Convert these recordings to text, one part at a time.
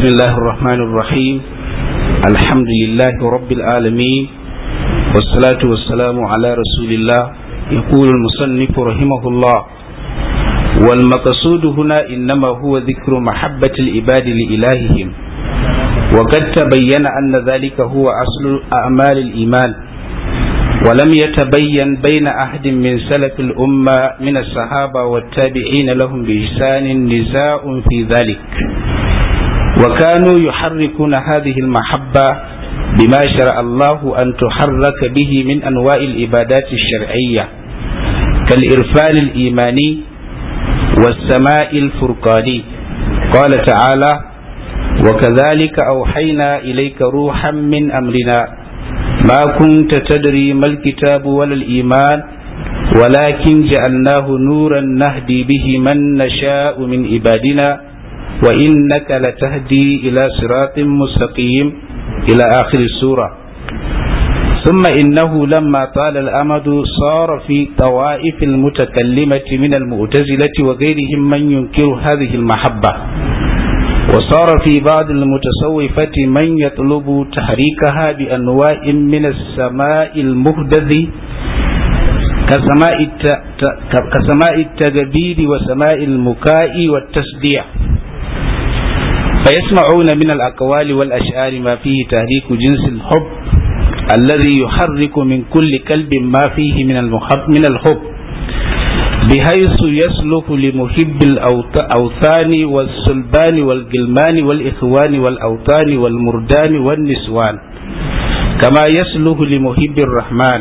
بسم الله الرحمن الرحيم الحمد لله رب العالمين والصلاة والسلام على رسول الله يقول المصنف رحمه الله والمقصود هنا إنما هو ذكر محبة العباد لإلههم وقد تبين أن ذلك هو أصل أعمال الإيمان ولم يتبين بين أحد من سلف الأمة من الصحابة والتابعين لهم بإحسان نزاع في ذلك وكانوا يحركون هذه المحبة بما شرع الله أن تحرك به من أنواع العبادات الشرعية كالإرفان الإيماني والسماء الفرقاني قال تعالى وكذلك أوحينا إليك روحا من أمرنا ما كنت تدري ما الكتاب ولا الإيمان ولكن جعلناه نورا نهدي به من نشاء من عبادنا وإنك لتهدي إلى صراط مستقيم إلى آخر السورة ثم إنه لما طال الأمد صار في طوائف المتكلمة من المعتزلة وغيرهم من ينكر هذه المحبة وصار في بعض المتصوفة من يطلب تحريكها بأنواع من السماء المهدذ كسماء التغبير وسماء المكاء والتسديع فيسمعون من الأقوال والأشعار ما فيه تهريك جنس الحب الذي يحرك من كل كلب ما فيه من المحب من الحب بحيث يسلك لمحب الأوثان والسلبان والجلمان والإخوان والأوطان والمردان والنسوان كما يسلك لمحب الرحمن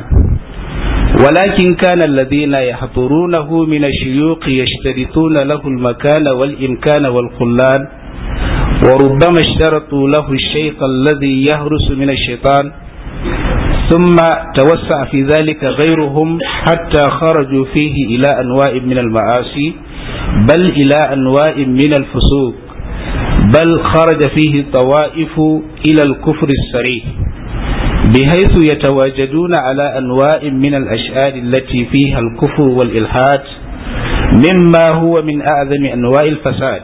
ولكن كان الذين يحضرونه من الشيوخ يشترطون له المكان والإمكان والخلان وربما اشترطوا له الشيخ الذي يهرس من الشيطان ثم توسع في ذلك غيرهم حتى خرجوا فيه إلى أنواع من المعاصي بل إلى أنواع من الفسوق بل خرج فيه طوائف إلى الكفر السريح بحيث يتواجدون على أنواع من الأشعار التي فيها الكفر والإلحاد مما هو من أعظم أنواع الفساد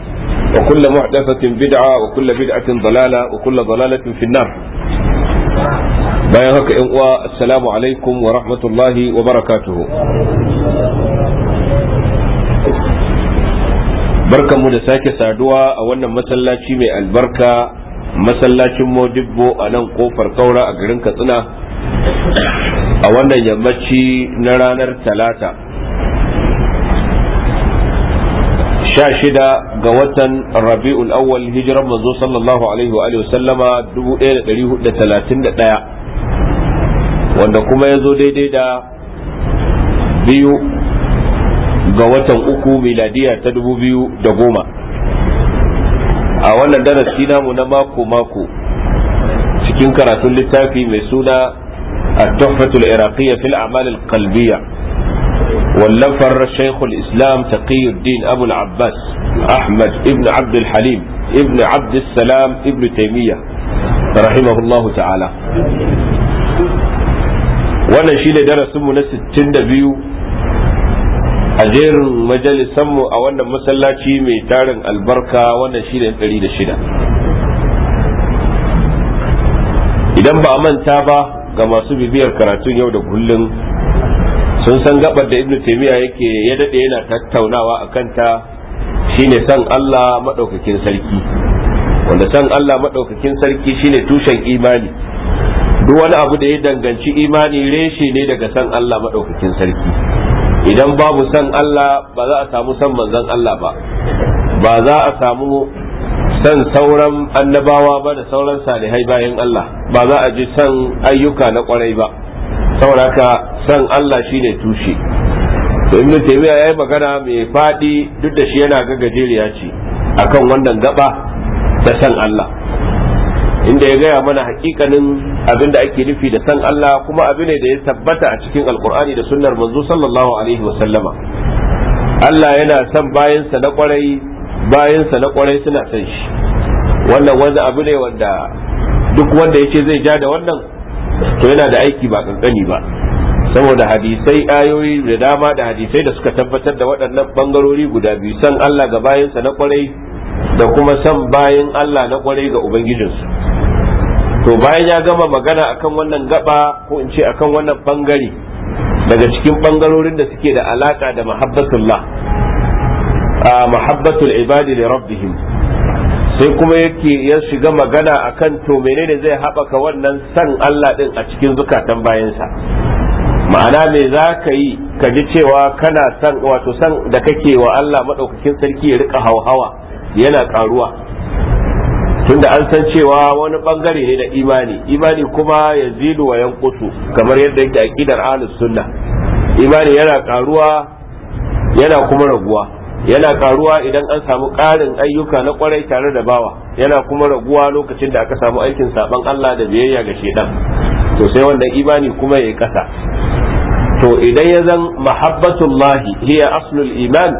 وكل محدثة bid'a وكل بدعة ضلالة وكل ضلالة في النار bayan haka yan uwa assalamu alaikum wa rahmatullahi wa barakatuhu barkanmu da sake saduwa a wannan masallaci mai albarka masallacin modibo a nan kofar kaura a garin katsina a wannan yammaci na ranar talata sha shida ga watan rabi'ul awwal hijiran manzo sallallahu alaihi wa alihi sallama 1431 wanda kuma ya zo daidai da biyu ga watan uku miladiya ta dubu biyu da goma a wannan darasi namu na mako-mako cikin karatun littafi mai suna a tuffatul iraqiyya fil a'mal al-qalbiyya wallafar shaykhul islam taqiyuddin abu abbas ahmad ibn abd halim ibn abd salam ibn taymiya rahimahullahu ta'ala wannan shine darasinmu na 62 a jerin majalisanmu a wannan masallaci mai tarin albarka wannan shi da shida idan ba a manta ba ga masu bibiyar karatun yau da kullum sun san gabar da ibnu taymiya yake ya dade yana tattaunawa akan ta shine san Allah madaukakin sarki wanda san Allah madaukakin sarki shine tushen imani duk wani abu da ya danganci imani reshe ne daga san Allah madaukakin sarki idan babu san Allah ba za a samu san manzon Allah ba ba za a samu san sauran annabawa ba da sauran salihai bayan Allah ba za a ji san ayyuka na kwarai ba saboda haka san Allah shine tushe to ibnu ya yi magana mai faɗi duk da shi yana ga gajeriya ce akan wannan gaba da san Allah inda ya gaya mana hakikanin abin da ake nufi da san Allah kuma abin da ya tabbata a cikin alkur'ani da sunnar manzo sallallahu alaihi wa sallama Allah yana son bayansa na kwarai bayansa na kwarai suna son shi wannan wanda abu ne wanda duk wanda zai ja da wannan to yana da aiki ba kankani ba saboda hadisai ayoyi da dama da hadisai da suka tabbatar da waɗannan bangarori guda biyu san Allah ga bayansa na kwarai da kuma san bayan Allah na kwarai ga ubangijinsu to bayan ya gama magana akan wannan gaba ko in ce akan wannan bangare daga cikin bangarorin da suke da alaka da mahabbatullah a mahabbatul ibadi li rabbihim sai kuma yake ya shiga magana akan to menene zai haɓaka wannan san Allah ɗin a cikin zukatan bayansa ma'ana me za ka yi ka ji cewa kana san wato san da kake wa Allah maɗaukakin sarki ya rika hauhawa yana ƙaruwa tunda an san cewa wani ɓangare ne na imani imani kuma ya zilu wa yankusu kamar yadda yake aƙidar ahlus sunna imani yana ƙaruwa yana kuma raguwa yana karuwa idan an samu ƙarin ayyuka na kwarai tare da bawa yana kuma raguwa lokacin da aka samu aikin saban Allah da biyayya ga shedan to sai wannan imani kuma yayi kasa to idan ya zan mahabbatullahi hiya aslul iman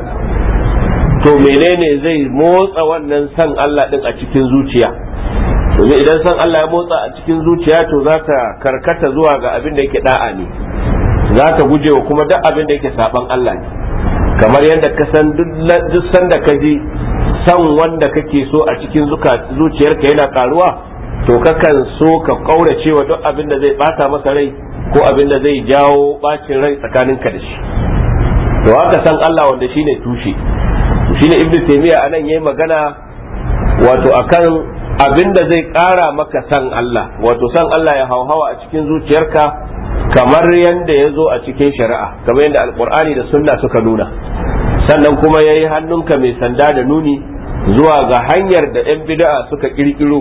to menene zai motsa wannan san Allah din a cikin zuciya domin idan san Allah ya motsa a cikin zuciya to za ta karkata zuwa ga abin da yake da'a ne za ta gujewa kuma duk abin da yake saban Allah ne kamar yadda ka san duk sanda ka ji san wanda kake so a cikin zuciyarka yana karuwa to kakan so ka kaura cewa duk abin da zai bata masa rai ko abin da zai jawo bacin rai tsakanin ka da shi to haka san Allah wanda shine tushe shine ibnu taymiya anan yayi magana wato akan abin da zai kara maka san Allah wato san Allah ya hauhawa a cikin zuciyarka kamar yadda ya zo a cikin shari'a kamar yadda alkur'ani da sunna suka nuna sannan kuma ya yi hannunka mai sanda da nuni zuwa ga hanyar da 'yan bida'a suka kirkiro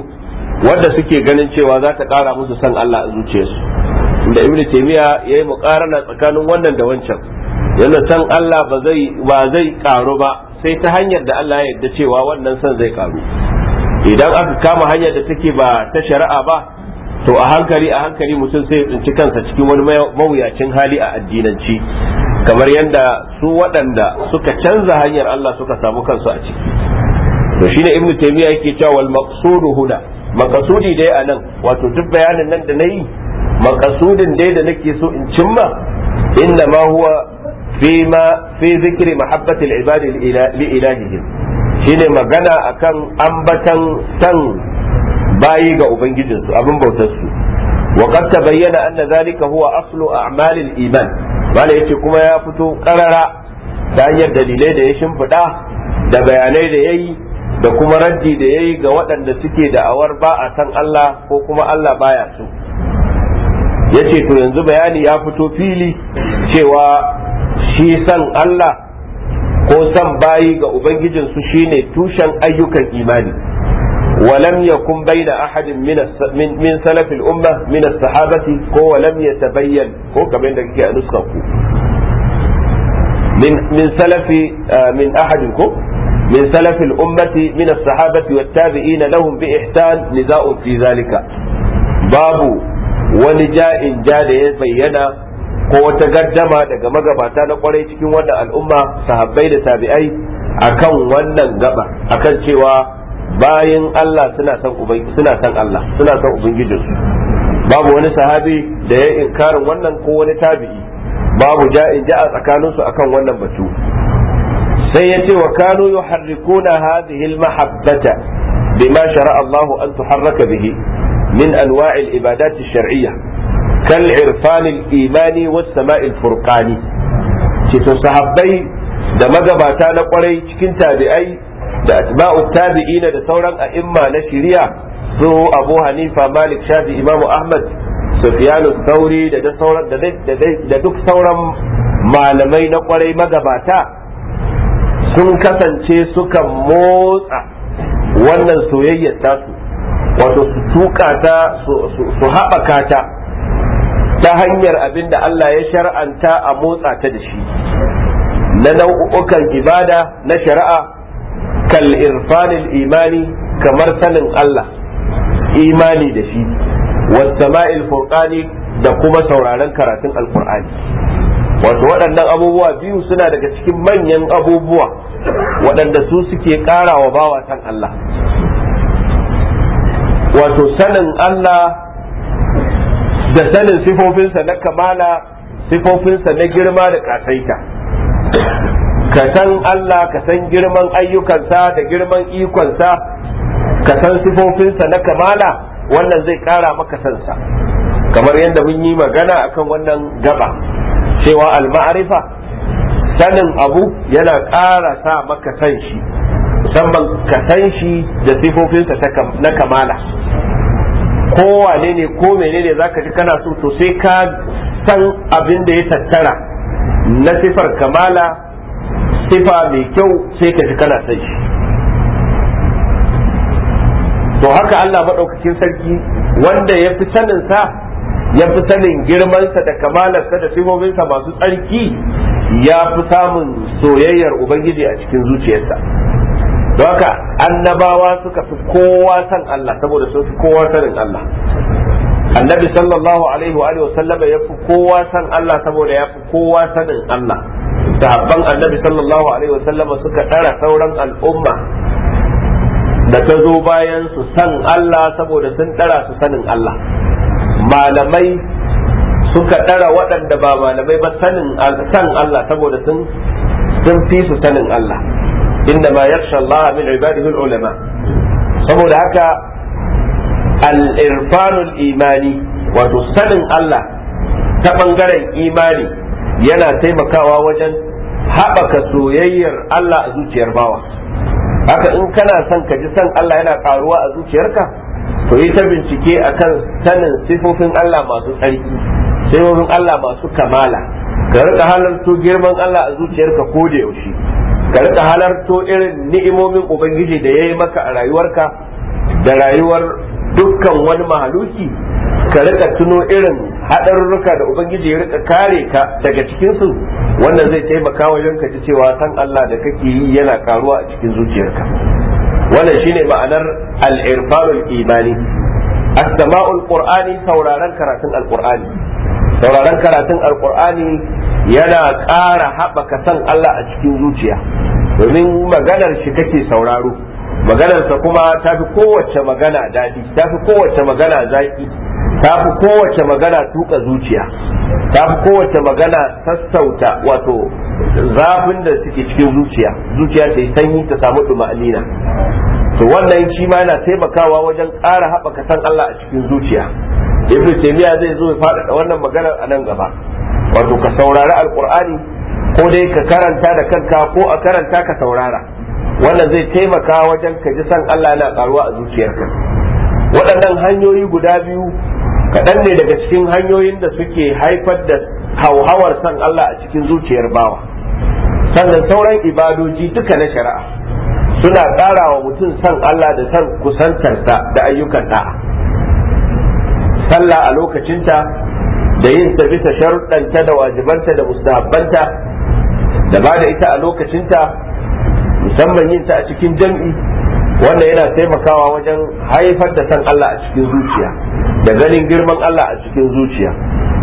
wadda suke ganin cewa za ta ƙara musu san Allah a zuciyarsu inda ibnu taymiya ya yi muƙarana tsakanin wannan da wancan yana san Allah ba zai ba ƙaru ba sai ta hanyar da Allah ya yadda cewa wannan san zai ƙaru idan aka kama hanyar da take ba ta shari'a ba to a hankali a hankali mutum sai tsinci kansa cikin wani mawuyacin hali a addinanci kamar yadda su waɗanda suka canza hanyar Allah suka samu kansu a ciki to shine ibnu taymiya yake cewa wal maqsudu huna maqsudi dai anan wato duk bayanin nan da nayi maqsudin dai da nake so in cimma inna ma huwa fi ma fi zikri mahabbati al ibadi li shine magana akan ambatan san bayi ga ubangijinsu abin bautar bautarsu wa qad tabayyana anna zalika huwa aslu a'malil iman bala yace kuma ya fito karara ta hanyar dalilai da ya shimfiɗa da bayanai da yayi da kuma raddi da yayi ga waɗanda suke da awar ba a san Allah ko kuma Allah baya su yace to yanzu bayani ya fito fili cewa shi san Allah ko san bayi ga ubangijinsu shine tushen ayyukan imani ولم يكن بين أحد من من سلف الأمة من الصحابة هو لم يتبين هو كمان دقيقة نسخة من من سلف من أحدكم من سلف الأمة من الصحابة والتابعين لهم بإحسان نداء في ذلك باب ونجاء جاد يبينا ko wata gaddama daga magabata na kwarai cikin wannan al'umma sahabbai da tabi'ai akan wannan gaba akan cewa bayan Allah suna san suna san Allah suna san ubangijin babu wani sahabi da ya inkarin wannan ko wani tabi'i babu ja'in ja'a tsakanin su akan wannan batu sai ya ce wa kanu yuharrikuna hadhihi almahabbata bima shara'a Allah an tuharraka bihi min anwa'il ibadat ash-shar'iyyah kal irfan al-imani was sama'il furqani ce to sahabbai da magabata na kwarai cikin tabi'ai da atba'u tabi'ina da sauran a'imma na shari'a su Abu Hanifa Malik Shafi Imam Ahmad Sufyan thawri da da sauran da duk sauran malamai na kwarai magabata sun kasance sukan motsa wannan soyayyar tasu wato su tuka ta su haɓaka ta ta hanyar abin da Allah ya shar'anta a motsa ta da shi na nau'ukan ibada na shari'a kal irfanil imani kamar sanin Allah imani da shi wasama'il furqani da kuma sauraren karatun alqur'ani wato waɗannan abubuwa biyu suna daga cikin manyan abubuwa waɗanda su suke ƙara wa bawa Allah wato sanin Allah da sanin sifofinsa na kamala sifofinsa na girma da ƙasaita ka san Allah ka san girman ayyukansa da girman ikonsa ka san sifofinsa na kamala wannan zai kara maka sansa kamar yadda mun yi magana akan wannan gaba cewa al-ma'rifa sanin abu yana kara sa maka san shi musamman ka san shi da sifofinsa na kamala kowane ne ko menene zaka ji kana so to sai ka san abin da ya tattara na sifar kamala sifa mai kyau sai ka ji kana san shi to haka Allah maɗaukakin sarki wanda ya fi sanin sa ya fi sanin girmansa da kamalarsa da sifofinsa masu tsarki ya fi samun soyayyar ubangiji a cikin zuciyarsa don haka annabawa suka fi kowa san Allah saboda sun fi kowa sanin Allah annabi sallallahu alaihi wa sallama ya fi kowa san Allah saboda ya fi kowa sanin Allah sahabban annabi sallallahu alaihi wasallama suka ɗara sauran al'umma da ta zo bayan su san Allah saboda sun ɗara su sanin Allah malamai suka ɗara waɗanda ba malamai ba sanin san Allah saboda sun sun fi su sanin Allah inda ma yarsha Allah min ibadihi ulama saboda haka al imani wato sanin Allah ta bangaren imani yana taimakawa wajen haɓaka soyayyar Allah a zuciyar bawa haka in kana son ka ji son Allah yana ƙaruwa a zuciyarka to yi ta bincike akan sanin sifofin Allah masu tsarki sifofin Allah masu kamala ka rika halarto girman Allah a zuciyarka ko da yaushe ka rika halarto irin ni'imomin ubangiji da ya yi maka a rayuwarka da rayuwar dukkan wani mahaluki ka rika tuno irin haɗarurruka da ubangiji ya rika kare ka daga cikin su wannan zai taimaka wajen ka ji cewa san Allah da kake yi yana karuwa a cikin zuciyarka wannan shine ma'anar al-irfanul imani as-sama'ul qur'ani sauraron karatun al-qur'ani sauraron karatun al-qur'ani yana ƙara haɓaka san Allah a cikin zuciya domin maganar shi kake sauraro maganarsa kuma tafi fi kowace magana daɗi tafi fi kowace magana zaƙi ta fi kowace magana tuka zuciya ta fi kowace magana sassauta wato zafin da suke cikin zuciya zuciya ta yi sanyi ta samu duma'alina to wannan shi ma yana taimakawa wajen ƙara haɓaka san Allah a cikin zuciya ibnu taymiya zai zo ya faɗaɗa wannan maganar a nan gaba wato ka saurari alqur'ani ko dai ka karanta da kanka ko a karanta ka saurara wannan zai taimaka wajen ka ji san Allah yana karuwa a zuciyarka waɗannan hanyoyi guda biyu kaɗan ne daga cikin hanyoyin da suke haifar da hauhawar san Allah a cikin zuciyar bawa sannan sauran ibadoji duka na shari'a suna ƙara wa mutum san Allah da san kusantarsa da ayyukan ta. sallah a lokacinta da yin ta bisa sharuɗanta da wajibanta da mustahabbanta da ba da ita a lokacinta musamman yin ta a cikin jam'i Wannan yana taimakawa wajen haifar da san Allah a cikin zuciya da ganin girman Allah a cikin zuciya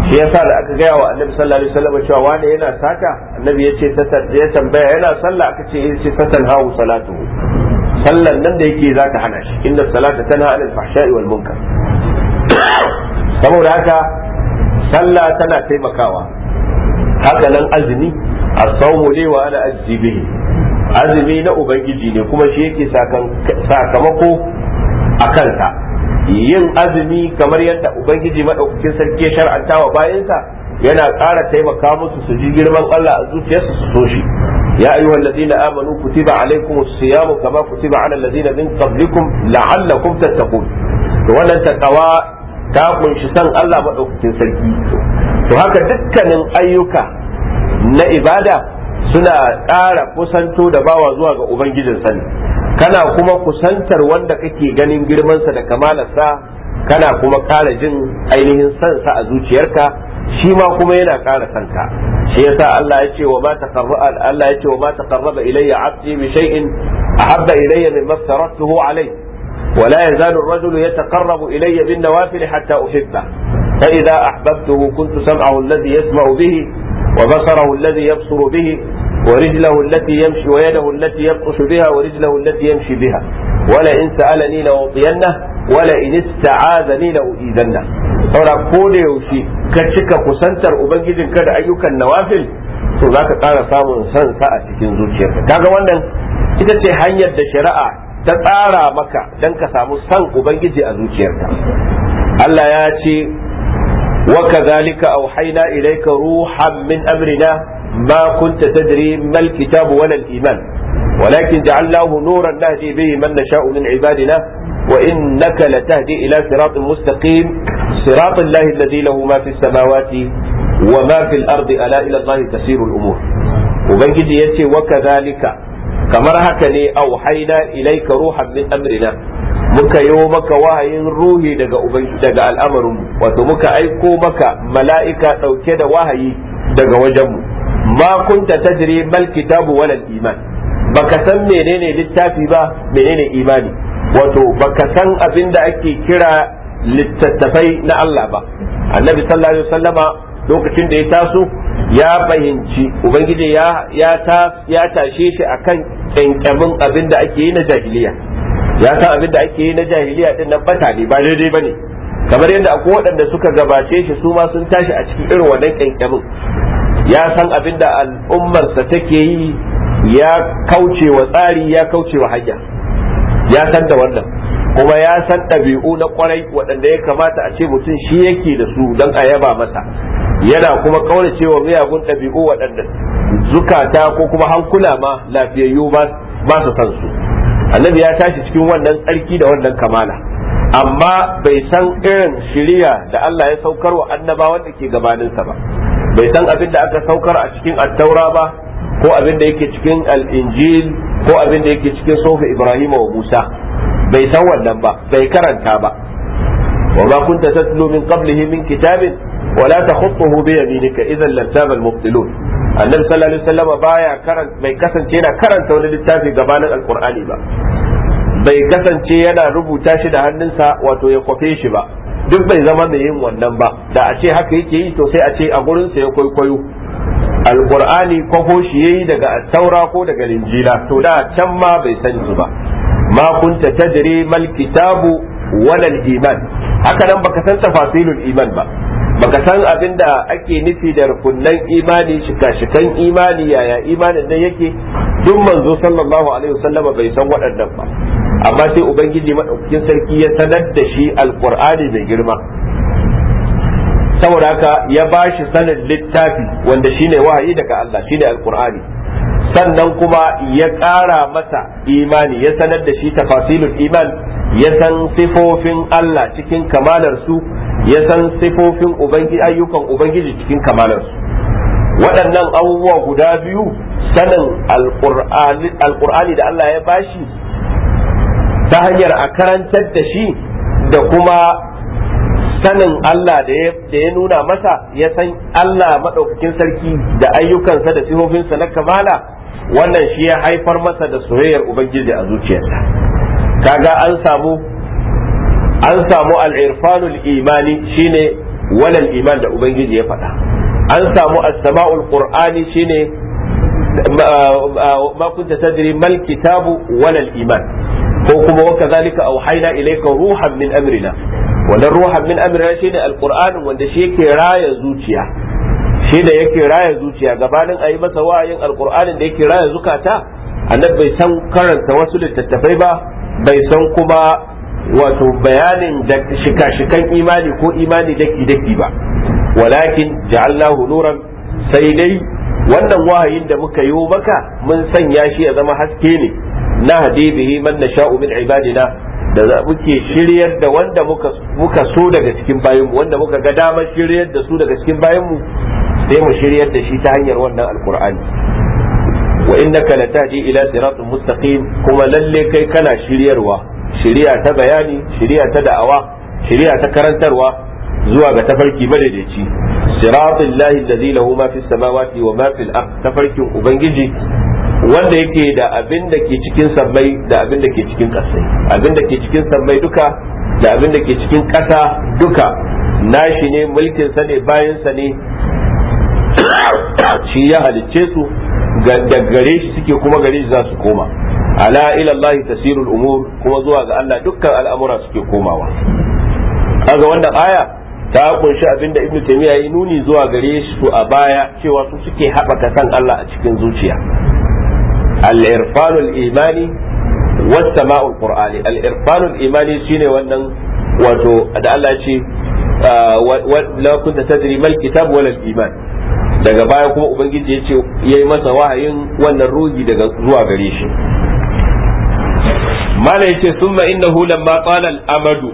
shi yasa da aka gaya wa annabi sallallahu alaihi wasallam cewa Wani yana sata annabi ya ce ya tambaya yana sallah aka ce ya ce tatan hawu salatu sallan nan da yake za ta hana shi inda salata tanha anil fahsha'i wal munkar saboda haka sallah tana taimakawa haka nan azumi as-sawmu li wa ana ajzi bihi azumi na ubangiji ne kuma shi yake sakamako a kansa yin azumi kamar yadda ubangiji maɗaukakin sarki ya shar'anta wa bayansa yana ƙara taimaka musu su ji girman Allah a zuciyarsu su so shi ya ayyuha allazina amanu kutiba alaykumus siyamu kama kutiba ala allazina min qablikum la'allakum tattaqun to wannan takawa ta kunshi san Allah maɗaukakin sarki to haka dukkanin ayyuka na ibada suna ƙara kusanto da bawa zuwa ga ubangijin sani kana kuma kusantar wanda kake ganin girmansa da kamalarsa kana kuma ƙara jin ainihin sansa a zuciyarka shi ma kuma yana ƙara sanka shi yasa Allah ya ce wa ma taqarraba Allah ya ce wa ma taqarraba ilayya 'abdi bi shay'in ahabba ilayya mimma aftaratuhu alayhi ولا يزال الرجل يتقرب إلي بالنوافل حتى أحبه فإذا أحببته كنت سمعه الذي يسمع به وبصره الذي يبصر به ورجله التي يمشي ويده التي يبطش بها ورجله التي يمشي بها ولئن سألني لأعطينه ولئن استعاذني لأؤيذنه saura ko da yaushe ka cika kusantar ubangijin ka da ayyukan nawafil to zaka ƙara samun san sa a cikin zuciyarka kaga wannan ita ce hanyar da shari'a ta tsara maka dan ka samu san ubangiji a zuciyarka Allah ya ce وكذلك أوحينا إليك روحا من أمرنا ما كنت تدري ما الكتاب ولا الإيمان ولكن جعلناه نورا نهدي به من نشاء من عبادنا وإنك لتهدي إلى صراط مستقيم صراط الله الذي له ما في السماوات وما في الأرض ألا إلى الله تسير الأمور وبنجد يتي وكذلك كما هكذا أوحينا إليك روحا من أمرنا muka yi maka wahayin ruhi daga daga al'amarinmu wato muka aiko maka mala'ika ɗauke da wahayi daga wajenmu ma kunta tajri mal kitabu wala iman baka san menene littafi ba menene imani wato baka san abin da ake kira littattafai na Allah ba annabi sallallahu alaihi wasallama lokacin da ya taso ya fahimci ubangiji ya ya tashe shi akan kyankyamin abin da ake yi na jahiliya ya san abin da ake yi na jahiliya din nan bata ne ba daidai bane kamar yadda akwai waɗanda suka gabace shi su ma sun tashi a cikin irin wannan kankamin ya san abin da al'ummarsa take yi ya kauce wa tsari ya kauce wa hanya ya san da wannan kuma ya san ɗabi'u na kwarai waɗanda ya kamata a ce mutum shi yake da su don a yaba masa yana kuma kaurace wa miyagun ɗabi'u waɗanda zukata ko kuma hankula ma lafiyayyu ba su san su annabi ya tashi cikin wannan tsarki da wannan kamala amma bai san irin shiriya da Allah ya saukar wa annabawa da ke gabaninsa ba bai san abin da aka saukar a cikin attaura ba ko abin da yake cikin al'injil ko abin da yake cikin sofa ibrahim wa musa bai san wannan ba bai karanta ba wa ba kunta tatlu min qablihi min kitabin wala takhutuhu bi yaminika ka lartaba al-mubtilun annabi sallallahu alaihi baya karan bai kasance yana karanta wani littafi gabanin alqur'ani ba bai kasance yana rubuta shi da hannunsa wato ya kwafe shi ba duk bai zama mai yin wannan ba da a ce haka yake yi to sai a ce a gurinsa ya kwaikwayo alkur'ani kwafo shi yayi daga taura ko daga linjila to da can ma bai san su ba ma kunta tadri mal kitabu wal iman haka nan baka san tafasilul iman ba baka san abin da ake nufi da rukunnan imani shika-shikan imani yaya imanin nan yake duk manzo sallallahu alaihi wasallama bai san waɗannan ba amma sai ubangiji madaukakin sarki ya sanar da shi Alƙur'ani mai girma saboda haka ya ba shi sanin littafi wanda shine wahayi daga Allah shine alqur'ani sannan kuma ya ƙara masa imani ya sanar da shi tafasilul iman ya san sifofin Allah cikin kamalar su ya san sifofin ubangiji ayyukan ubangiji cikin kamalarsu waɗannan abubuwa guda biyu sanin alƙur'ani da Allah ya bashi ta hanyar a karantar da shi da kuma sanin Allah da ya nuna masa ya san Allah maɗaukakin sarki da ayyukansa da sifofinsa na kamala wannan shi ya haifar masa da soyayyar ubangiji a zuciyarsa kaga an samu an samu al-irfanul imani shine walal iman da ubangiji ya faɗa an samu asamaul qur'ani shine ma kunta tadri mal kitabu walal iman ko kuma wa kadhalika auhayna ilayka ruhan min amrina wannan ruhan min amrina shine al-qur'an wanda shi yake raya zuciya shi da yake raya zuciya gabanin ayi masa wa'ayin al-qur'anin da yake raya zukata annabi bai san karanta wasu littattafai ba bai san kuma wato bayanin da shika-shikan imani ko imani daki-daki ba walakin ja'alnahu nuran sai dai wannan wahayin da muka yi maka mun sanya shi ya zama haske ne na bihi man nasha'u min ibadina da muke shiryar da wanda muka so daga cikin bayanmu wanda muka ga damar shiryar da su daga cikin bayanmu sai mu shiryar da shi ta hanyar wannan alkur'ani wa innaka latahdi ila siratin mustaqim kuma lalle kai kana shiryarwa Shiriya ta bayani shiriya ta da'awa shari'a ta karantarwa zuwa ga tafarki madaidaici siratul lahi allazi lahu ma fis samawati wa ma fil ard tafarkin ubangiji wanda yake da abin da ke cikin sammai da abin da ke cikin ƙasai abin da ke cikin sammai duka da abin da ke cikin ƙasa duka nashi ne mulkin sa ne bayan sa ne shi ya halicce su da gare shi suke kuma gare shi za su koma ala ila Allah tasirul umur kuma zuwa ga Allah dukkan al'amura suke komawa kaga wannan aya ta kunshi abinda ibnu taymiya yayi nuni zuwa gare shi to a baya cewa su suke haɓaka san Allah a cikin zuciya al-irfanul imani was sama'ul qur'ani al-irfanul imani shine wannan wato da Allah ya ce ah, la kunta tadri mal kitab al iman daga baya kuma ubangiji ya ce yayi masa wahayin wannan rogi daga zuwa gare shi mala yace summa innahu lamma qala al-amadu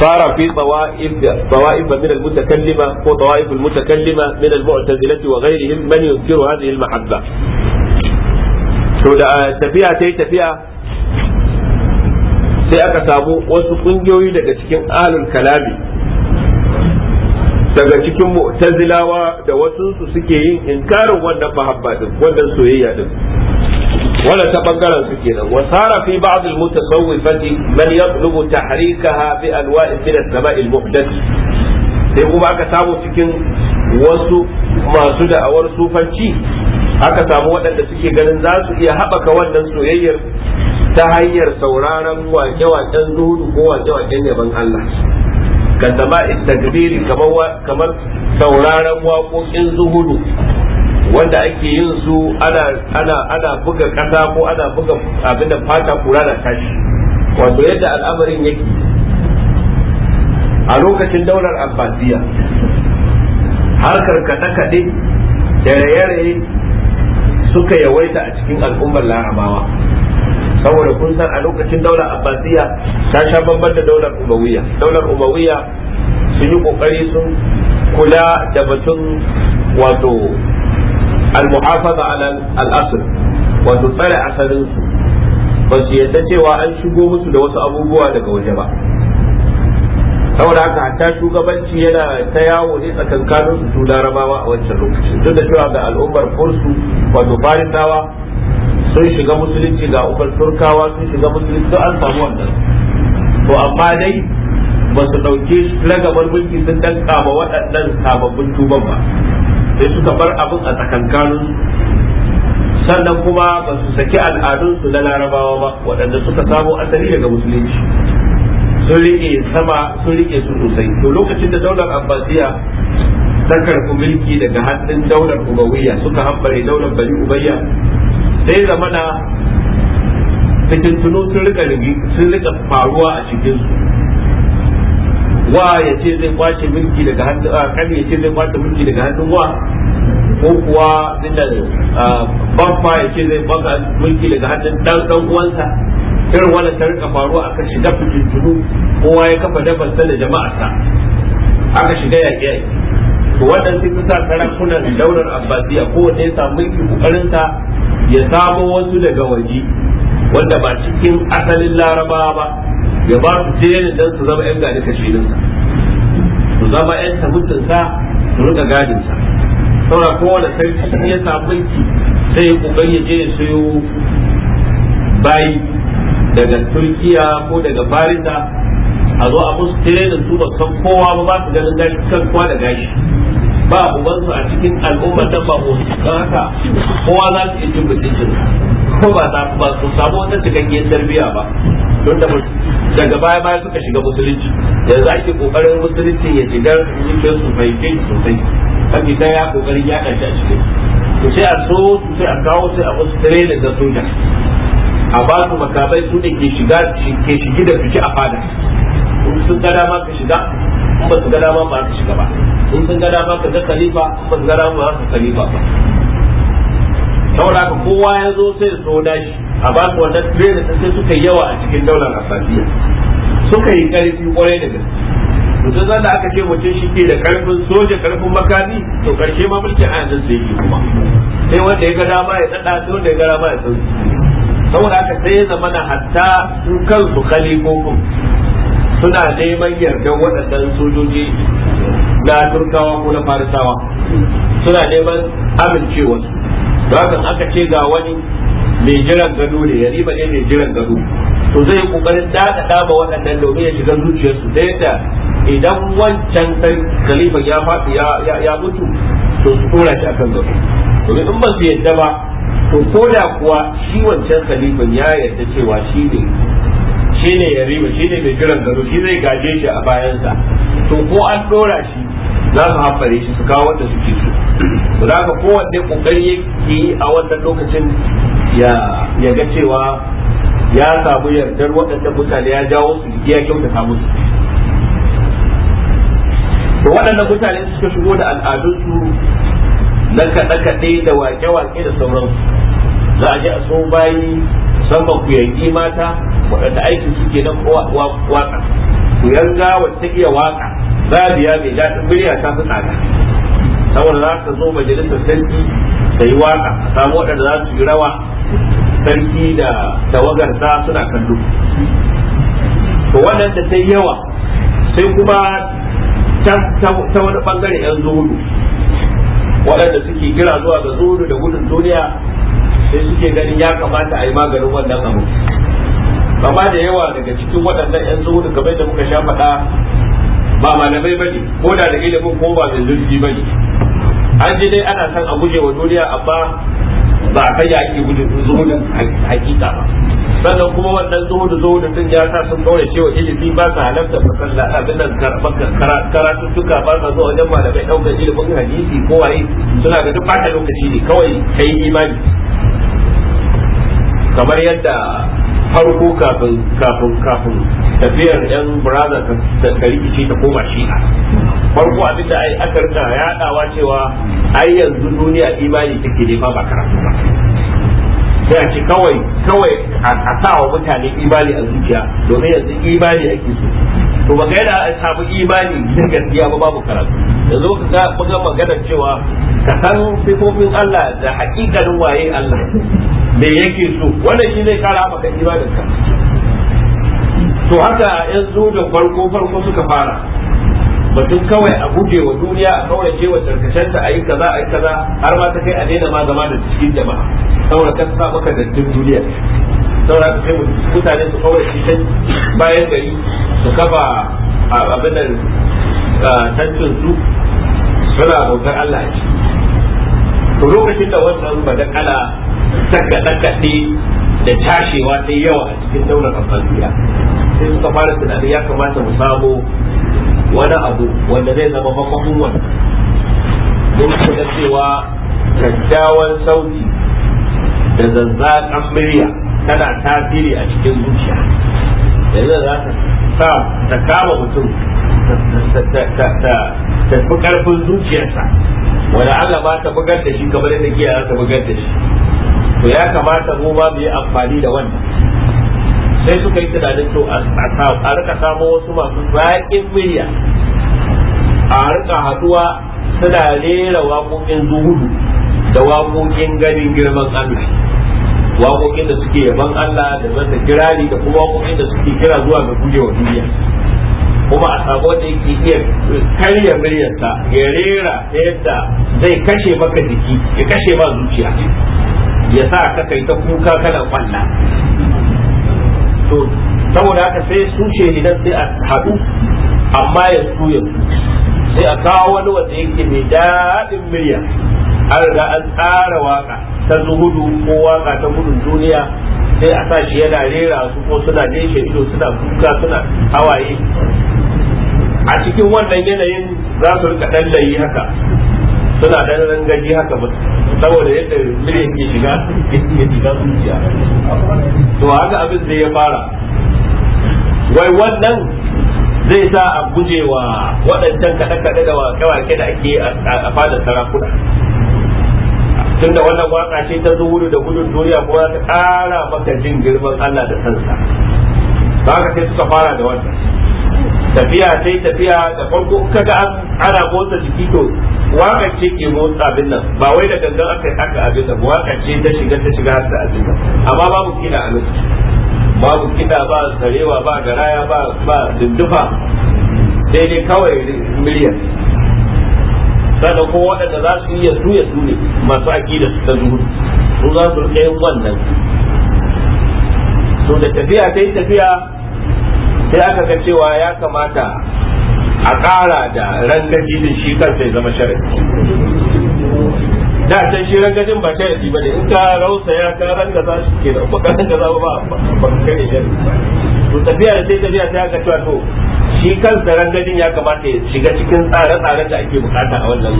صار في طوائف طوائف من min وطوائف المتكلمه من المعتزله وغيرهم من ينكر هذه المحبه. to da ah, tafiya ta yi tafiya sai aka samu wasu kungiyoyi daga cikin alul kalami daga cikin mu'tazilawa da wasu su suke yin inkarin wannan mahabba din wannan soyayya din wala ta bangaren su kenan wa sara fi ba'd al mutasawwifati man yatlubu tahrikaha bi anwa'in min as-sama'i al-muhdath sai kuma aka samu cikin wasu masu da'awar sufanci aka samu waɗanda suke ganin za su iya haɓaka wannan soyayyar ta hanyar sauraron waƙe-waƙen zuhudu ko waƙe-waƙen yaban Allah ka sama takbiri kamar sauraron waƙoƙin zuhudu wanda ake yin su ana ana ana buga kasa ko ana buga abin da fata kura na tashi wato yadda al'amarin yake a lokacin daular abbasiya harkar kaɗe-kaɗe da raye suka yawaita a cikin al'ummar larabawa saboda kun san a lokacin daular abbasiya ta sha bambam da daular umawiya daular umawiya sun yi kokari sun kula da batun wato almuhafaza ala al wato tsare asalin su ba su yadda cewa an shigo musu da wasu abubuwa daga waje ba saboda haka hatta shugabanci yana ta yawo ne tsakankanin su larabawa a wancan lokaci duk da cewa ga al'ummar fursu wato farisawa sun shiga musulunci ga ubar turkawa sun shiga musulunci an samu wannan to amma dai ba su ɗauke su ragabar mulki sun danka ma waɗannan sababbin tuban ba sai suka bar abin a tsakankanin sannan kuma ba su saki al'adunsu na larabawa ba waɗanda suka samo asali daga musulunci sun rike sama sun rike su sosai to lokacin da daular abbasiya ta karfi mulki daga hannun daular umayya suka hambare daular bari ubayya sai zamana fitintunu sun rika faruwa a cikinsu wa ya ce zai kwace mulki daga hannun kan ya ce zai kwace mulki daga hannun wa ko kuwa dinda babba ya ce zai baka mulki daga hannun dan dan uwansa irin wannan ta rika faruwa aka shiga fitintunu kowa ya kafa dabar da jama'arsa aka shiga yake? to wannan sai sa sarakunan daular abbasiya wanda ya samu mulki kokarinsa ya samo wasu daga waje wanda ba cikin asalin larabawa ba ya ba su jerin dan su zama 'yan gani kashirinsa su zama 'yan tabbutinsa su rika gadinsa saura kowane sarki ya samu mulki sai ya kokari ya je ya sayo bayi daga turkiya ko daga farisa a zo a musu tirenin su ba san kowa ba ba su ganin gashi kan kowa da gashi ba ubansu a cikin al'ummar nan ba ko don haka kowa za su iya jin mutuncin ko ba za su samu wata cikakkiyar tarbiyya ba tunda daga baya baya suka shiga musulunci yanzu ake kokarin musulunci ya shiga zuciyar su bai kai sosai kafi ta ya kokarin ya kanta a cikin to sai a so su sai a kawo sai a wasu tare da soja a ba su makamai su ne ke shiga ke shigi da fice a fada kun sun ga dama ka shiga kuma ba su ga dama ba ka shiga ba kun sun ga dama ka ga khalifa kuma ba su ga dama ba ka khalifa ba saboda ka kowa ya zo sai so shi, a ba su wannan da sai suka yi yawa a cikin daular asasiya suka yi karfi kwarai da gaske mutum zan da aka ce mutum shi ke da karfin soja karfin makami to karshe ma a yanzu sai yi kuma sai wanda ya ga dama ya tsada sai wanda ya ga dama ya sauki saboda haka sai ya zama na hatta su kansu khalifofin suna neman yardan waɗannan sojoji na turkawa ko na farisawa suna neman amincewa don aka ce ga wani mai jiran gado ne ya riba ne mai jiran gado to zai kokarin dada daba waɗannan domin ya shiga zuciyarsu da yadda idan wancan sai kalifan ya faɗi ya mutu to su tura shi akan gado to in ba su yadda ba to ko da kuwa shi wancan kalifan ya yadda cewa shi ne shi ne ya riba shi ne mai jiran gado shi zai gaje shi a bayansa to ko an dora shi za su haɓare shi su kawo wanda suke so to da kowanne kokari yake yi a wannan lokacin ya ya ga cewa ya samu yardar waɗannan mutane ya jawo su ya ta musu to waɗannan mutane suka shigo da al'adunsu na kaɗe-kaɗe da wake-wake da sauransu za a ji a so bayi musamman ku yanki mata waɗanda aikin suke nan waka ku yanga wacce iya waka biya mai daɗin murya ta fi tsada saboda za ka zo majalisar sarki da yi waka samu waɗanda za su yi rawa sarki da tawagarsa suna kallo to waɗanda yi yawa sai kuma ta wani ɓangare yan zuhudu waɗanda suke kira zuwa ga zuhudu da gudun duniya sai suke ganin ya kamata a yi maganin wannan abu kama da yawa daga cikin waɗannan yan zuhudu kamar da muka sha faɗa ba malamai ba ko da da ilimin ko ba da zurfi ba an ji dai ana san a guje wa duniya amma ba a kai ake gudun zuhudin hakika ba sannan kuma wannan zuhudu zuhudu din ya sa sun ɗaure cewa ilimi ba sa halarta fasalla abin nan karatuttuka ba sa zuwa wajen malamai daukar ilimin hadisi ko waye suna ga duk bata lokaci ne kawai kai imani kamar yadda farko kafin kafin kafin tafiyar yan biraza ta rikice ta koma shi'a farko abin da ai aka rika yadawa cewa ai yanzu duniya imani take nema ba karatu ba sai a ce kawai kawai a sawa mutane imani a zuciya domin yanzu imani ake so to ba gaida a samu imani da gaskiya ba babu karatu yanzu ka ga magana cewa ka san sifofin Allah da hakikalin waye Allah me yake so wannan shi zai kara maka imanin ka to haka yanzu da farko farko suka fara batun kawai a guje wa duniya a kawai ce wa tarkacen ta yi kaza a yi kaza har ma ta kai a daina ma zama da cikin jama'a saboda ka sa maka da duniya saboda ka kai mutane su kawai cikin bayan gari su kafa abin da tantin su suna bautar Allah ce to lokacin da wannan badakala ta kaɗe da tashewa ta yawa a cikin daular amfaniya sai suka fara tunani ya kamata mu samu wani abu wanda zai zama mamakon wannan mun shiga cewa kyakkyawan sauti da zazzakan murya tana tasiri a cikin zuciya yanzu za ta sa ta kama mutum ta fi karfin zuciyarsa wani Allah ba ta bugar da shi kamar yadda giya za ta bugar da shi to ya kamata mu ba mu yi amfani da wannan sai suka yi tunanin to a rika samo wasu masu zaƙin miliya a rika haduwa suna rera waƙoƙin zuhudu da waƙoƙin ganin girman Allah waƙoƙin da suke yaban Allah da zata kirari da kuma wakokin da suke kira zuwa ga gujewa duniya kuma a samu da yake iya karya muryarsa ya rera ta yadda zai kashe maka jiki ya kashe ma zuciya ya sa ka kai ta kuka kana kwalla to saboda haka sai su ce idan sai a haɗu amma ya su ya su sai a kawo wani wanda yake mai daɗin murya an riga an tsara waka ta zuhudu ko waka ta gudun duniya sai a sa shi yana rera su ko suna neshe ido suna kuka suna hawaye a cikin wannan yanayin za su rika dan yi haka suna dan rangaji haka ba saboda yadda mire ke shiga ya shiga zuciya to haka abin zai ya fara wai wannan zai sa a wa waɗancan kaɗe-kaɗe da wake-wake da ake a fadar sarakuna tunda wannan waka ce ta zuhuru da gudun duniya kuma ta kara maka jin girman Allah da kansa ka sai suka fara da wannan tafiya sai tafiya da farko kaga an ana motsa jiki to waka ce ke motsa abin nan ba wai da gangan aka yi aka abin nan waka ce ta shiga ta shiga har da abin nan amma babu kida a lokaci babu kida ba sarewa ba garaya ba ba dindufa sai dai kawai miliyan sannan ko waɗanda za su iya su ya ne masu aƙida su ta zuhudu su za su rike yin wannan to da tafiya ta yi tafiya sai aka ga cewa ya kamata a ƙara da rangaji din shi kansa ya zama sharadi da ta shi rangajin ba ta ba bane in ka rausa ya ka rangaza shi kenan ba ka za ba ba ka ne jan to tafiya da sai tafiya sai ka cewa to shi kansa rangajin ya kamata ya shiga cikin tsare-tsaren da ake bukata a wannan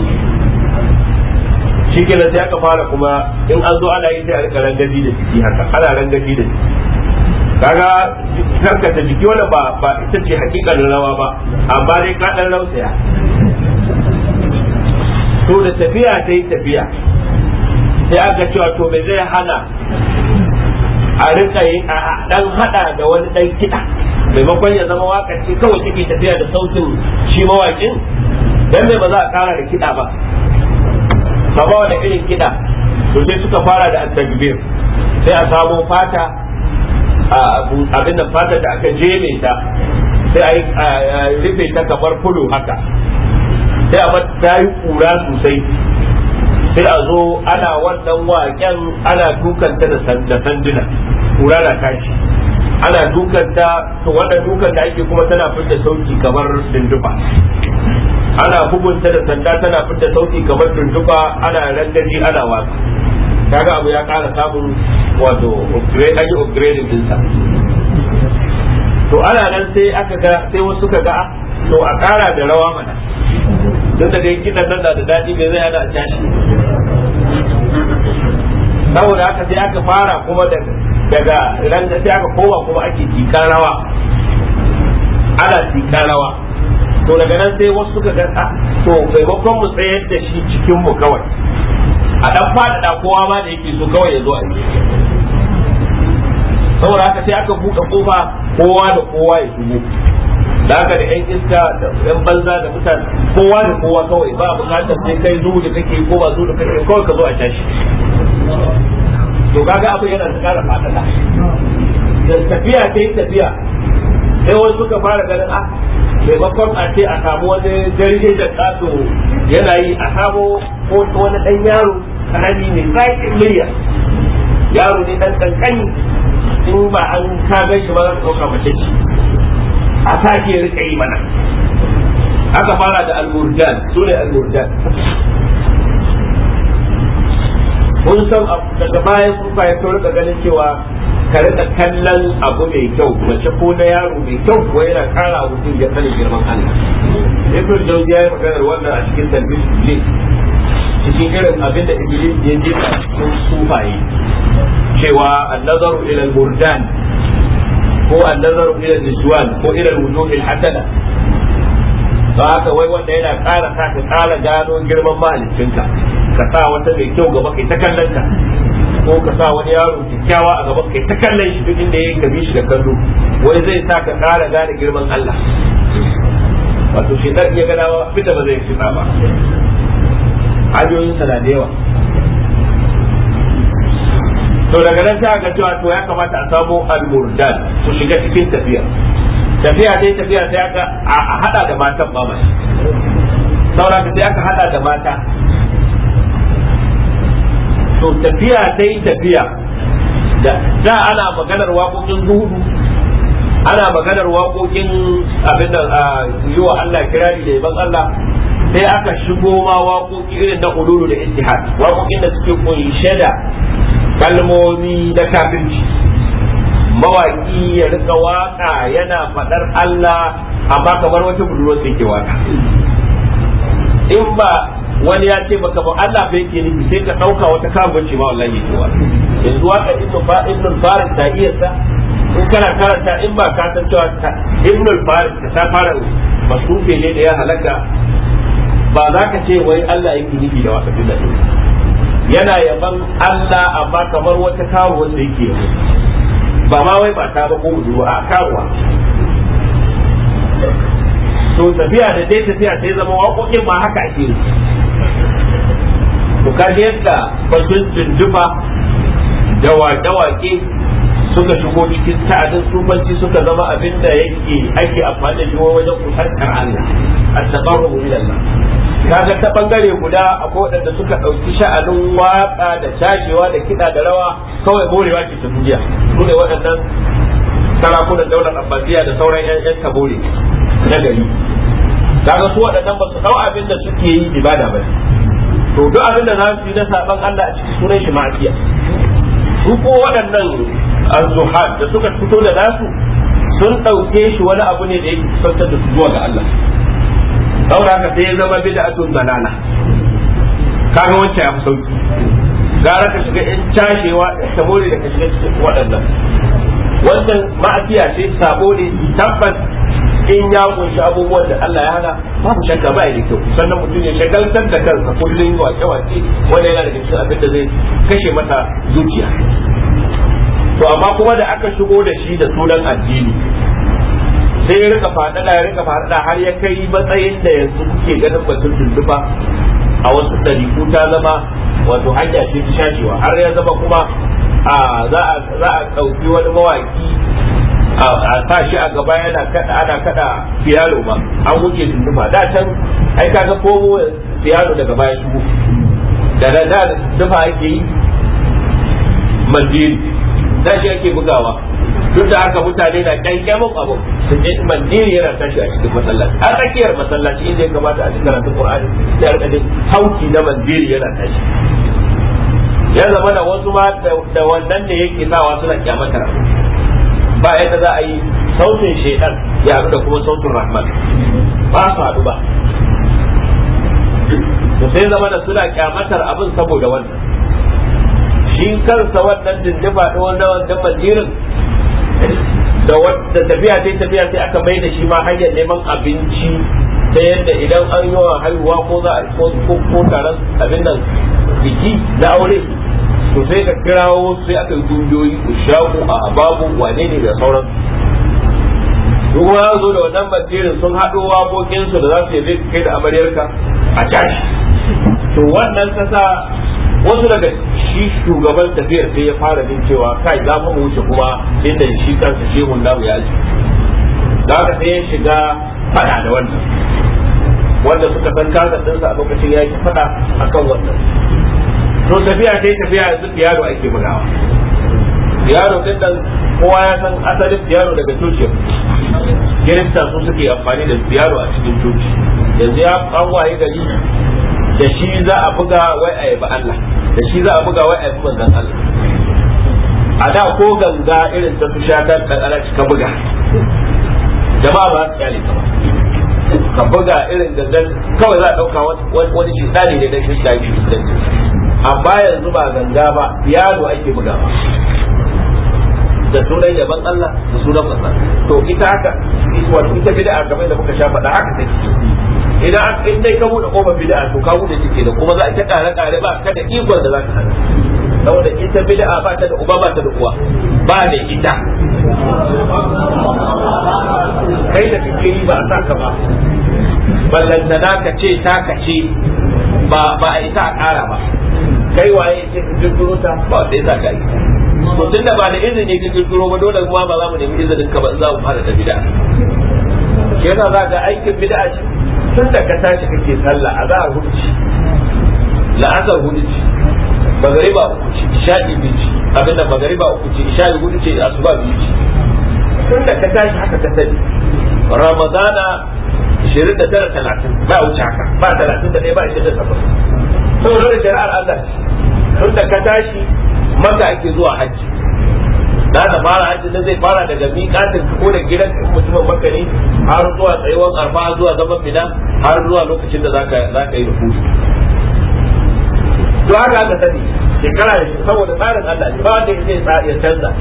shi kenan sai aka fara kuma in an zo ana yi sai a rika rangaji da jiki haka ana rangaji da jiki kaga karkata jiki wala ba ba ita ce hakikalin rawa ba amma dai ka dan rausaya to da tafiya ta yi tafiya sai aka cewa to me zai hana a rika yi a dan hada da wani dan kiɗa maimakon ya zama waka ce kawai take tafiya da sautin shi mawakin dan me ba za a kara da kiɗa ba ba ba wani irin kiɗa to sai suka fara da at sai a samu fata abin fata da aka jeme ta sai a rufe ta kamar fulo haka sai a ta yi kura sosai sai a zo ana wannan waken ana dukanta da sanduna kura na tashi ana dukanta to wannan dukan da ake kuma tana fitar sauki kamar dinduba ana bugunta da sanda tana fitar sauki kamar dinduba ana rangaji ana waka kaga abu ya kara samun wato upgrade an yi upgrading dinsa to ana nan sai aka ga sai wasu ka ga ah, to a kara da rawa mana tunda dai kidan nan da daɗi mai zai hada a tashi saboda haka sai aka fara kuma daga ran da sai aka koma kuma ake tikan rawa ana tikan rawa to daga nan sai wasu suka ga ah, to maimakon mu tsayar da shi cikin mu kawai a dan faɗaɗa kowa ma da yake so kawai ya zo a saboda haka sai aka buɗe kofa kowa da kowa ya shigo da haka da yan iska da yan banza da mutane kowa da kowa kawai ba bukatar sai kai zuwa da kake ko ba zuwa da kake kawai ka zo a tashi to kaga abu yana da kara fadada da tafiya ta tafiya sai wani suka fara ganin a ah, maimakon a ce a samu wani jirgi da tsato yana yi a samu ko wani ɗan yaro kanani mai tsakin miliya yaro ne dan kankani in ba an kaga shi ba za su ɗauka mace shi a sake rika yi mana aka fara da al-murdan sune al-murdan kun san daga baya kun fahimta, to rika ganin cewa ka rika kallon abu mai kyau mace ko na yaro mai kyau ko yana kara mutum ya sani girman Allah ibn jawzi ya maganar wannan a cikin talbis ne cikin irin abin da iblis ya jefa cikin sufaye cewa an-nazaru ila al-murdan ko annazaru ila niswan ko ila wujuhil hasana ba haka wai wanda yana ƙara sa ka gano girman mahaliccinka ka sa wata mai kyau gaba kai ta ko ka sa wani yaro kyakkyawa a gaban kai ta duk inda yayin ka bi shi da kallo wai zai sa ka gane girman Allah wato shi iya gadawa fita ba zai fita ba ayoyin na da yawa to daga nan sai aka cewa to ya kamata a samu al-murdan su shiga cikin tafiya tafiya dai tafiya sai aka a hada da matan ba mai ka sai aka hada da mata to tafiya dai tafiya da da ana maganar waƙoƙin zuhudu ana maganar waƙoƙin abin da yi wa Allah kirari da yaban Allah sai aka shigo ma waƙoƙi irin na hululu da ittihad waƙoƙin da suke kunshe da kalmomi da kafirci mawaki ya rika waka yana faɗar Allah amma kamar wata budurwa sai ke waka in ba wani ya ce baka ba Allah bai ke nufi sai ka ɗauka wata kafirci ma wallahi ke waka yanzu waka ibnu ba ibnu farid ta iya sa in kana karanta in ba ka san cewa ibnul farid ka ta fara masufe ne da ya halaka ba za ka ce wai Allah yake nufi da waka dinnan yana yaban Allah amma kamar wata karuwar wanda yake ba ma wai ba ta ba ko budurwa a karuwa to tafiya da dai tafiya sai zama waƙoƙin ma haka ake yi Ku kaje yadda tun tundufa da dawa ke. suka shigo cikin ta'adin tubanci suka zama abin da yake ake amfani da shi wajen kusantar Allah at-taqarrub ila Allah kaga ta bangare guda akwai waɗanda suka ɗauki sha'anin waka da tashewa da kiɗa da rawa kawai borewa ke ta duniya su ne waɗannan sarakunan daular abbasiya da sauran 'yan kabore na gari kaga su waɗannan ba su dau abin da suke yi ibada ba to duk abin da za su yi na saban Allah a cikin sunan shi ma'asiya su ko waɗannan az da suka fito da nasu sun ɗauke shi wani abu ne da yake kusantar da su zuwa ga Allah saboda haka sai ya zama bid'atun Ka kaga wancan ya fi sauki gara ka shiga in cashewa saboda da ka shiga cikin waɗannan wannan ma'afiya ce sabo ne tabbas in ya kunshi abubuwan da Allah ya hana babu shakka ba ya da kyau sannan mutum ya shagaltar da kansa kullum wake wace wanda yana da cikin abin da zai kashe mata zuciya to amma kuma da aka shigo da shi da sunan addini sai ya rika faɗaɗa ya rika faɗaɗa har ya kai matsayin da yanzu kuke ganin batun tuntuba a wasu dariku ta zama wato hanya ce ta shajewa har ya zama kuma a za a ɗauki wani mawaki a sa shi a gaba yana kaɗa ana kaɗa fiyalo ba an wuce tuntuba da can ai kaga komo fiyalo daga baya shigo da da da tuntuba ake yi mandiri tashi ake bugawa duk da haka mutane na kyankyamin abu su je mandiri yana tashi a cikin masallaci a tsakiyar masallaci inda ya kamata a cikin karatun qur'ani da a hauki na mandiri yana tashi ya zama da wasu ma da wannan da yake sawa suna kyamatar ba yadda za a yi sautin shaitan ya da kuma sautin rahman ba su haɗu ba to sai zama da suna kyamatar abin saboda wannan shi kansa wannan dindifa da wanda wannan bandirin da wanda tafiya sai tafiya sai aka bai da shi ma hanyar neman abinci ta yadda idan an yi wa haihuwa ko za a ko ko taron abin nan biki na aure to sai ka kirawo sai aka yi kungiyoyi ku shaku a babu wane ne da sauran duk ya zo da wannan bandirin sun haɗo abokinsu da za su yi kai da amaryarka a tashi to wannan ta sa wasu daga shi shugaban tafiyar sai ya fara jin cewa kai za mu wuce kuma inda shi kansa mun da ya ji da haka sai ya shiga fada da wannan wanda suka san din sa a lokacin ya yi fada akan wannan to tafiya sai tafiya yanzu yaro ake bugawa yaro din nan kowa ya san asalin yaro daga coci kirista su suke amfani da yaro a cikin coci yanzu ya kawo gari da shi za a buga wai a yaba Allah da shi za a buga wa ayyukan manzon Allah a da ko ganga irin ta tushatar da ala ka buga jama'a ba su kyale ka ba ka buga irin gangan kawai za a dauka wani shi tsari ne da shi shi amma yanzu ba ganga ba yaro ake ba da sunan yaban Allah da sunan manzon to ita haka wato ita bid'a kamar da muka sha faɗa haka take idan in dai ka bude kofar bid'a to ka bude kike da kuma za a ta kare kare ba ka da ikon da za ka hana saboda ita bid'a ba ta da uba ba ta da uwa ba ne ita kai da yi ba sa ka ba da ka ce ta ce ba ba a ita kara ba kai waye ce ka kirkiro ta ba sai za ka yi to da ba da izini ka kirkiro ba dole kuma ba za mu nemi izinin ka ba za mu fara ta bid'a kenan za ka aikin bid'a shi tun da ka tashi kake sallah a zahar hudu ci la'asar hudu ci ba uku ci isha'i biyu ci abin da ba uku ci isha'i hudu ci asuba biyu ci tun da ka tashi haka ka sani ramadana 29-30 ba wuce haka ba 31 ba 28 sau da shari'ar Allah tun da ka tashi maka ake zuwa hajji da da fara hajji da zai fara daga miƙatin ko da gidan mutumin makka ne har zuwa tsayuwar arfa zuwa zaman mina har zuwa lokacin da za ka yi rufu to haka aka sani shekara da saboda tsarin Allah ne ba wanda yake ya canza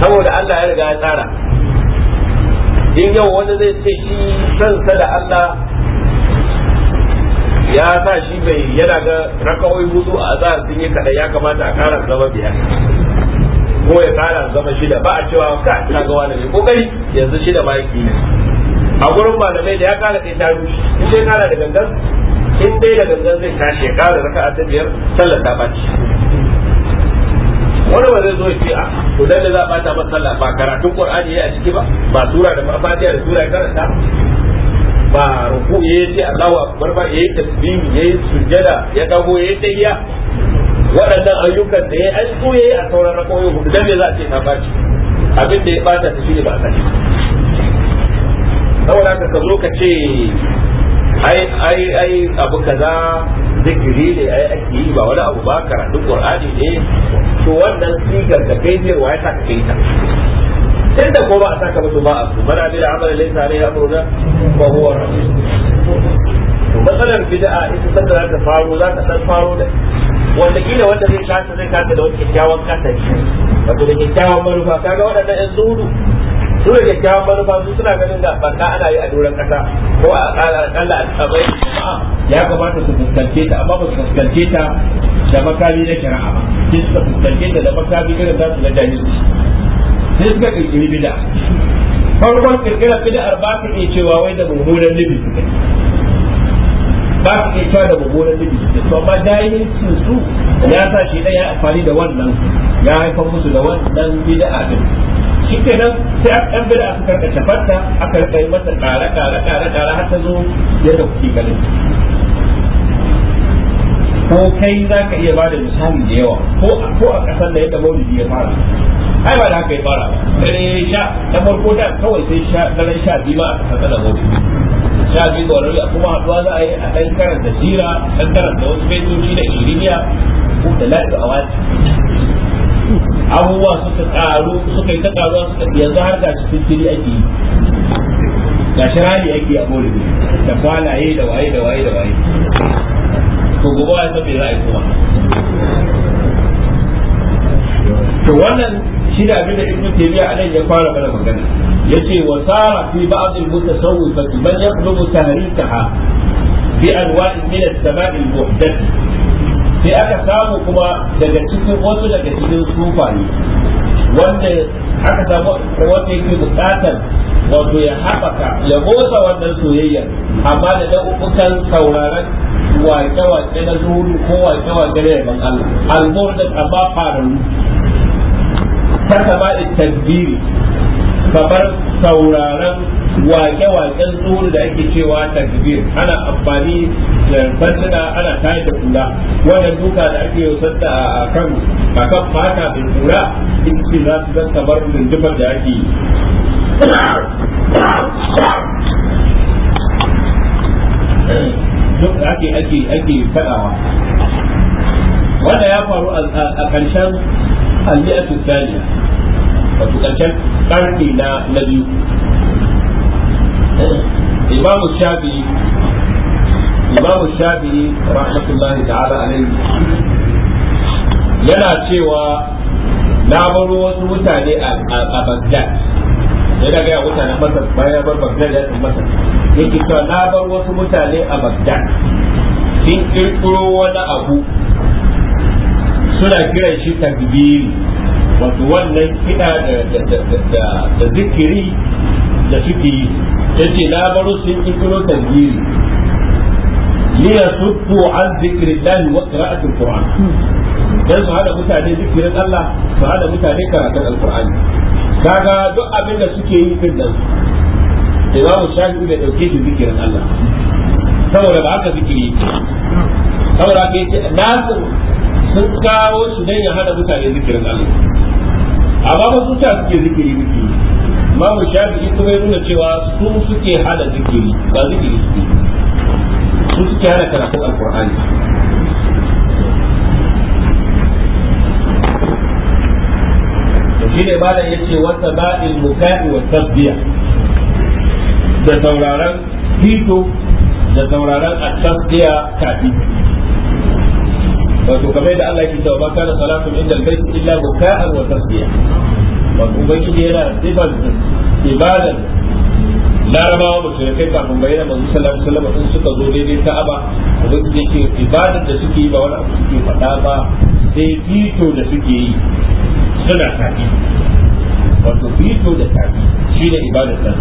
saboda Allah ya riga ya tsara in yau wani zai ce shi sansa da Allah ya sa shi bai yana ga rakawai hudu a azahar sun yi kaɗai ya kamata a kara zama biyar ko ya kara zama shida ba a cewa ka ina ga wani mai kokari yanzu shida ma yake a gurin malamai da ya kara sai ta rushe in kara da gangan in dai da gangan zai tashi ya kara raka'a ta biyar sallar ta baci wani ba zai zo ya ce a ah, to dan da za a bata masa sallah ba karatun qur'ani yayi a ciki ba ba sura da fatiha da sura ya karanta ba ruku yayi ce Allahu akbar ba yayi tasbih yayi sujjada ya dago yayi tahiyya waɗannan ayyukan da ya an su a sauran rakoyi hudu dan me za a ce ta baci abin da ya bata ta shine ba sani saboda ka zo ka ce ai ai ai abu kaza zikiri ne ai ake yi ba wani abu ba karatu qur'ani ne to wannan sigar da kai ne waye ta kai ta tunda ko ba a saka mutu ba su mana bi da amala laysa ya amruna fa huwa rabbuna matsalar bida'a ita sanda za ta faro za ta ɗan faro da wanda kila wanda zai kasa zai kasa da wani kyakkyawan kasari wato da kyakkyawan manufa kaga waɗannan yan zuru su da kyakkyawan manufa su suna ganin da barka ana yi a doron kasa ko a ƙala a tsabai ya kamata su fuskance ta amma ba su fuskance ta da makami na shari'a ba sai suka fuskance ta da makami irin za su na jahilci sai suka kirkiri bida farkon kirkirar bida arba ta ke cewa wai da mummunan nufi suka yi ba su iya kyau da mummunan nufi suke su amma jahilcin su ya sa shi ɗaya amfani da wannan ya haifar musu da wannan bid'a din shi nan sai aka ɗan bida aka karka tafarta aka rika yi masa ƙara ƙara ƙara ƙara har ta zo yadda kuke ganin ko kai za ka iya bada misali da yawa ko a ƙasar da yadda maulidi ya fara ai ba da haka ya fara dare sha na farko da kawai sai sha daren sha biyu ma a ƙasar da maulidi sha biyu ga wani kuma haɗuwa za a yi a ɗan karar karanta sira ɗan karar da wasu baitoci da iriniya ko da la'ilu a wani abubuwa suka ƙaru suka yi ta ƙaruwa suka yanzu har gashi fitiri ake yi gashi rani ake a maulidi da kwalaye da waye da waye da waye to gobe ya san me za a yi kuma to wannan shi da abin da ibn taymiya anan ya fara mana magana yace wa sara fi ba'd al mutasawwifati man yaqdumu tahrikaha bi anwa'in min as-sama' al muhdath sai aka samu kuma daga cikin wasu daga cikin sufaye wanda aka samu wanda yake bukatar wato ya haɓaka ya motsa wannan soyayyar amma da ɗaukukan sauraron wake-wake na zuru ko wake-wake na yaban Allah almurdin amma fararru ta sama'i tadbiri kamar sauraron wake-waken tsoro da ake cewa tadbir ana amfani da sanduna ana tayar da kula wannan duka da ake yausar a kan akan fata da kura ita ce za su zan kamar lindimar da ake yi duk da ake ake ake fadawa wanda ya faru a ƙarshen al a thaniya wato karshen karni na na biyu eh, imamu shafi'i imamu shafi'i rahmatullahi yana cewa na baro wasu mutane a Baghdad yana gaya mutanen Masar bayan bar Baghdad ya Masar yake cewa na bar wasu mutane a Baghdad sun kirkiro wani abu suna kiran shi takbiri wato wannan kiɗa da zikiri da suke yi yace na baro sun kiro takbiri liyasuddu an zikrillahi wa qira'atil qur'an dan su hada mutane zikirin Allah su hada mutane karatun alqur'ani kaga duk abin da suke yi din nan imamu shafi'i bai dauke shi zikirin Allah saboda ba haka zikiri saboda kai nasu sun kawo su dan ya hada mutane zikirin Allah amma ba su ta suke zikiri zikiri mu shafi ita bai nuna cewa su suke hada zikiri ba zikiri suke su suke hada karatun alkur'ani shi ne ba da ce wata ba'il muka'i wa tasbiya da sauraron fito da sauraron a tasbiya kafin wato kamar da Allah yake cewa ba kana salatun inda albayt illa buka'an wa tasbiya wato ubangiji yana sifar ibadan larabawa ba su kai kafin bayyana manzo sallallahu alaihi wasallam sun suka zo daidai ka'aba ubangiji yake ibadar da suke yi ba wani abu suke faɗa ba sai fito da suke yi suna tafi wato fito da tafi shi ne ibadar nan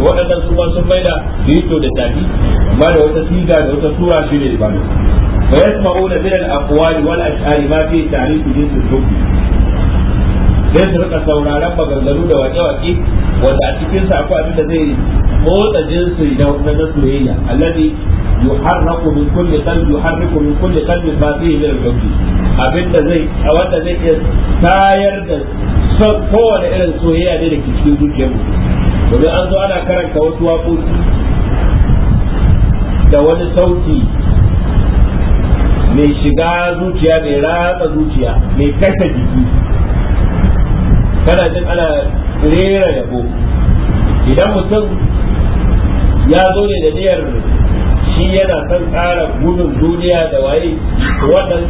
to waɗannan su ba sun maida fito da tafi amma da wata siga da wata shi ne ibadar ويسمعون من الأقوال والأشعار ما فيه تعريف جنس الحكم sai su rika sauraron maganganu da wake-wake wanda a cikin sa akwai abin da zai motsa jinsi da na soyayya alladhi yuharraku min kulli qalbi yuharriku min kulli qalbi ma fihi min al-hubbi abin da zai a wanda zai iya tayar da kowane irin soyayya ne da ke cikin zuciyar mutum domin an zo ana karanta wasu waƙoƙi da wani sauti mai shiga zuciya mai ratsa zuciya mai kashe jiki kana jin ana rera yabo idan mutum ya zo ne da niyyar shi yana son tsara gudun duniya da waye wannan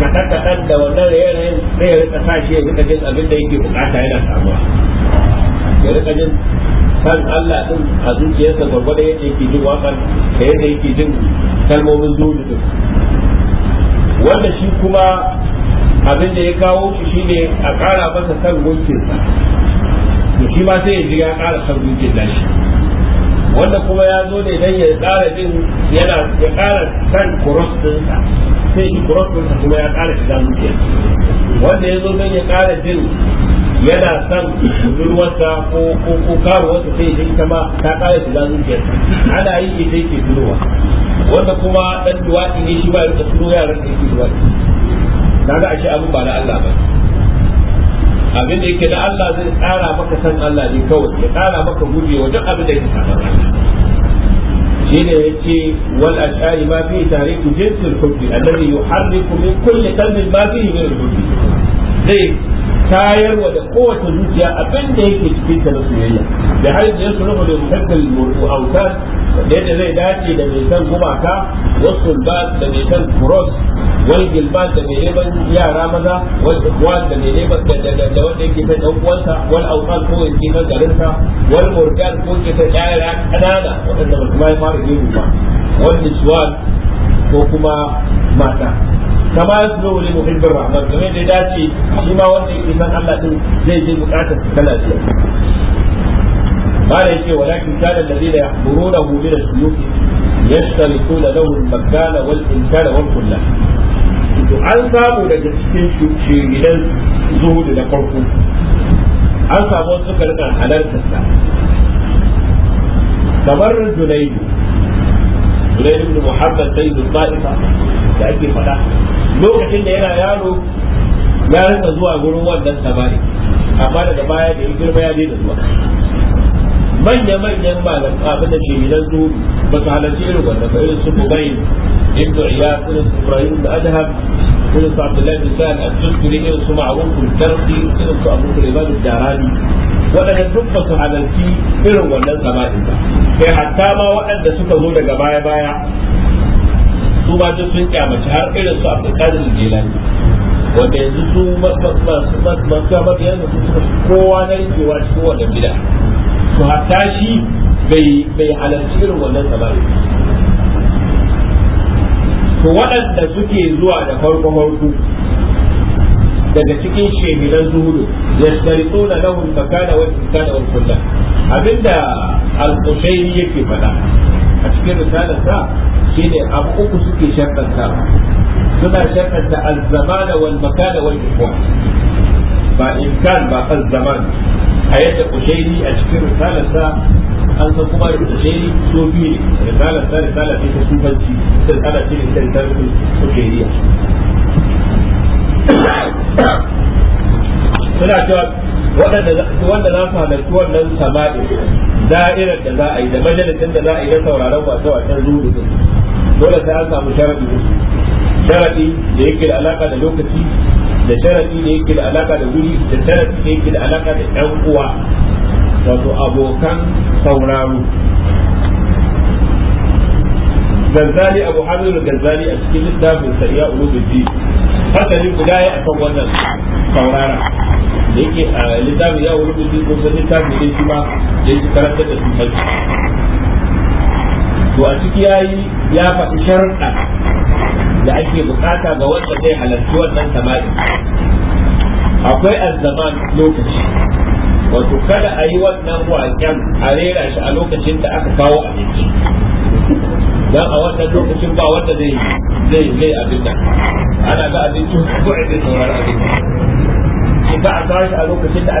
kaɗan-kaɗan da wannan yanayin sai ya rika sashi ya rika jin abin da yake bukata yana samuwa ya rika jin san Allah din a zuciyarsa gwargwada yadda yake jin waƙar da yadda yake jin kalmomin duniya. wanda shi kuma abin da ya kawo shi shine a kara masa san gunkinsa to shi ma sai ya ji ya kara san gunkin da shi wanda kuma ya zo ne dan ya ƙara jin yana ya kara san cross sai shi cross kuma ya ƙara shiga gunkin wanda ya zo dan ya kara jin yana son budurwarsa ko ko ko wata sai ita ta ma ta kare shiga zuciya ana yi sai ke turowa wanda kuma dan duwaki ne shi ba ya turo yaran da yake duwaki kaga ashe abin ba na Allah ba abin da yake da Allah zai tsara maka san Allah ne kawai ya tsara maka gujewa duk abin da yake Shi ne shine ce wal ashari ma fi tariku jinsul hubbi alladhi yuharriku min kulli qalbin ma fihi min hubbi dai tayarwa da kowace zuciya abin da yake cikin ta na soyayya da har da yasu rubuta da mutakkal murku autar da yadda zai dace da mai san gumaka wasu ba da mai san cross wal gilbat da mai neman yara maza wal ikhwan da mai neman da wanda yake san dan uwansa wal autar ko yake san garinsa wal murgan ko yake san yara kanana waɗanda ba su ma fara ba wal niswan ko kuma mata kama su zo wuri mafi birra amma game da ya dace shi ma wanda ya san Allah din zai je bukatar ta kana ciyar bada yake walakin kada da zai da buru da hudu da suyu ya shari ko da magana wal inkara wal kulla to an samu daga cikin shirgidan zuhudu da farko an samu wasu karkar halartarsa kamar junaidu zurayr ibn muhammad sai al-ba'ifa da ake fada lokacin da yana yaro ya rinka zuwa gurin wannan tabari amma daga baya da ya girma ya daina zuwa manya-manyan malam abin da shahidan su ba su halarci irin wanda ba irin su bubai da iya irin su ibrahim da adham irin su abdullahi bin sa'ad a cikin irin su ma'ruf al irin su abu sulaiman al jarabi waɗanda duk ba su halarci irin wannan zamanin ba kai hatta ma waɗanda suka zo daga baya-baya su ba duk sun kyamaci har irin su Abdullahi abdulkadir jilani wanda yanzu su masu masu masu masu masu kowa na rikewa cikin wannan bid'a to hatta shi bai bai halarci irin wannan tsabari to waɗanda suke zuwa da farko farko daga cikin shehiran zuhudu ya tsona na lahun makana wa tsada wa kulla abinda al-qushairi yake faɗa a cikin risalar sa shine abu uku suke shartanta suna shartanta al-zamana wal makana wal ikwa ba kan ba al-zaman a yadda kushairi a cikin risalarsa an san kuma da kushairi so biyu ne risalarsa risala ce ta sufanci ta risala ce ta risalar kushairiya suna cewa wanda za su halarci wannan sama'i da'irar da za a yi da majalisar da za a yi na sauraron wasu wasan zuru dole sai an samu sharadi sharadi da yake da alaka da lokaci da sharafi da yake da alaka da guri da sharafi da yake da alaka da yan uwa wato abokan sauraro gazzali abu hamid gazzali a cikin littafin sa ya ulubuddi hasali guda ya akan wannan saurara da yake a littafin ya ulubuddi ko sun littafin da shi ma da yake karanta da su to a ciki ya yi ya faɗi sharuɗa da ake bukata ga wanda zai halarci wannan samari akwai azzaman lokaci wato kada a yi wannan waken a rera shi a lokacin da aka kawo abinci don a wannan lokacin ba wanda zai zai zai abin nan ana ga abinci ko a sauran abinci shi ba a kawo shi a lokacin da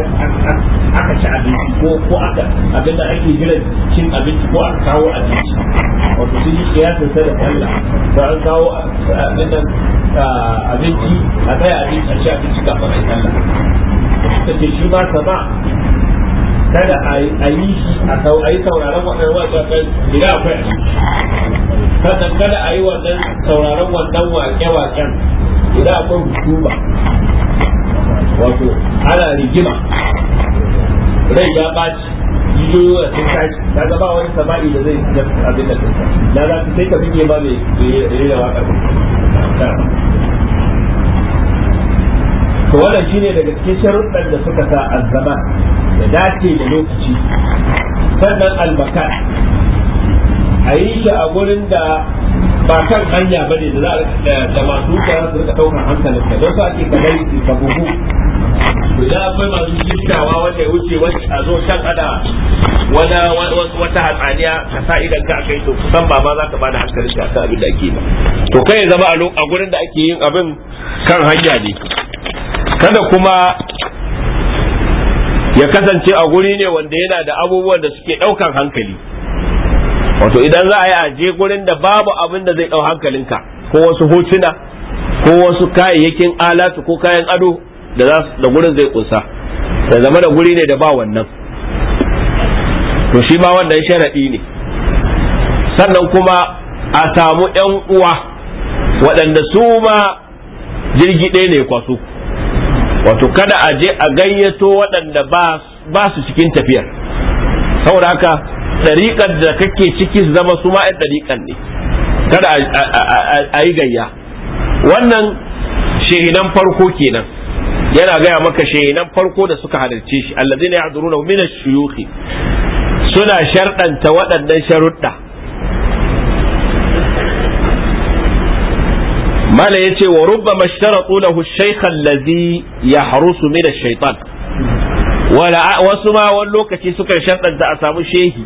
aka ci abinci ko ko aka abin da ake jiran cin abinci ko aka kawo abinci wato sun yi kiyasin sa da sallah da an kawo abinci a kai abinci a ci abinci kafin a yi sallah ta ce shi ba ta ba kada a yi shi a sauraron wannan wasan gida akwai sannan kada a yi wannan sauraron wannan wake-waken gida akwai hukuma wato ana rigima rai ya ɓaci biyo ya sai tashi kaga ba wani sama'i da zai abin da da za ka sai ka ba mai waka to wannan daga cikin sharuɗan da suka sa azzama da dace da lokaci sannan albaka a yi shi a gurin da ba kan hanya ne da za a da masu wuce za su rika ɗaukar hankalinka don su ake ka su ka buhu da akwai masu gittawa wanda ya wuce wani a zo can ana wata hatsaniya ka sa idan ka kai to kusan ba ma za ka bada hankalin a kan abin da ake ba to kai zama a gurin da ake yin abin kan hanya ne kada kuma ya kasance a guri ne wanda yana da abubuwan da suke ɗaukan hankali wato idan za a yi aje gurin da babu abin da zai ɗau hankalinka ko wasu hotuna ko wasu kayayyakin alatu ko kayan ado da gurin zai ƙunsa. da zama da guri ne da ba wannan to shi ma wannan sharaɗi ne sannan kuma a samu ‘yan uwa waɗanda su ma jirgi ɗaya ne kwaso wato kada a je a gayyato waɗanda ba su cikin tafiyar saboda haka ɗariƙar da kake ciki su zama su ma ‘yan ɗariƙar ne kada a yi gayya wannan shehinan farko kenan yana gaya maka shehinan farko da suka halarci shi allazina ya'duruna min ash-shuyukhi suna sharɗanta waɗannan sharuɗa mala yace wa rubbama ishtaratu lahu ash-shaykh allazi yahrusu min ash-shaytan wala wasu ma wani lokaci suka sharɗanta a samu shehi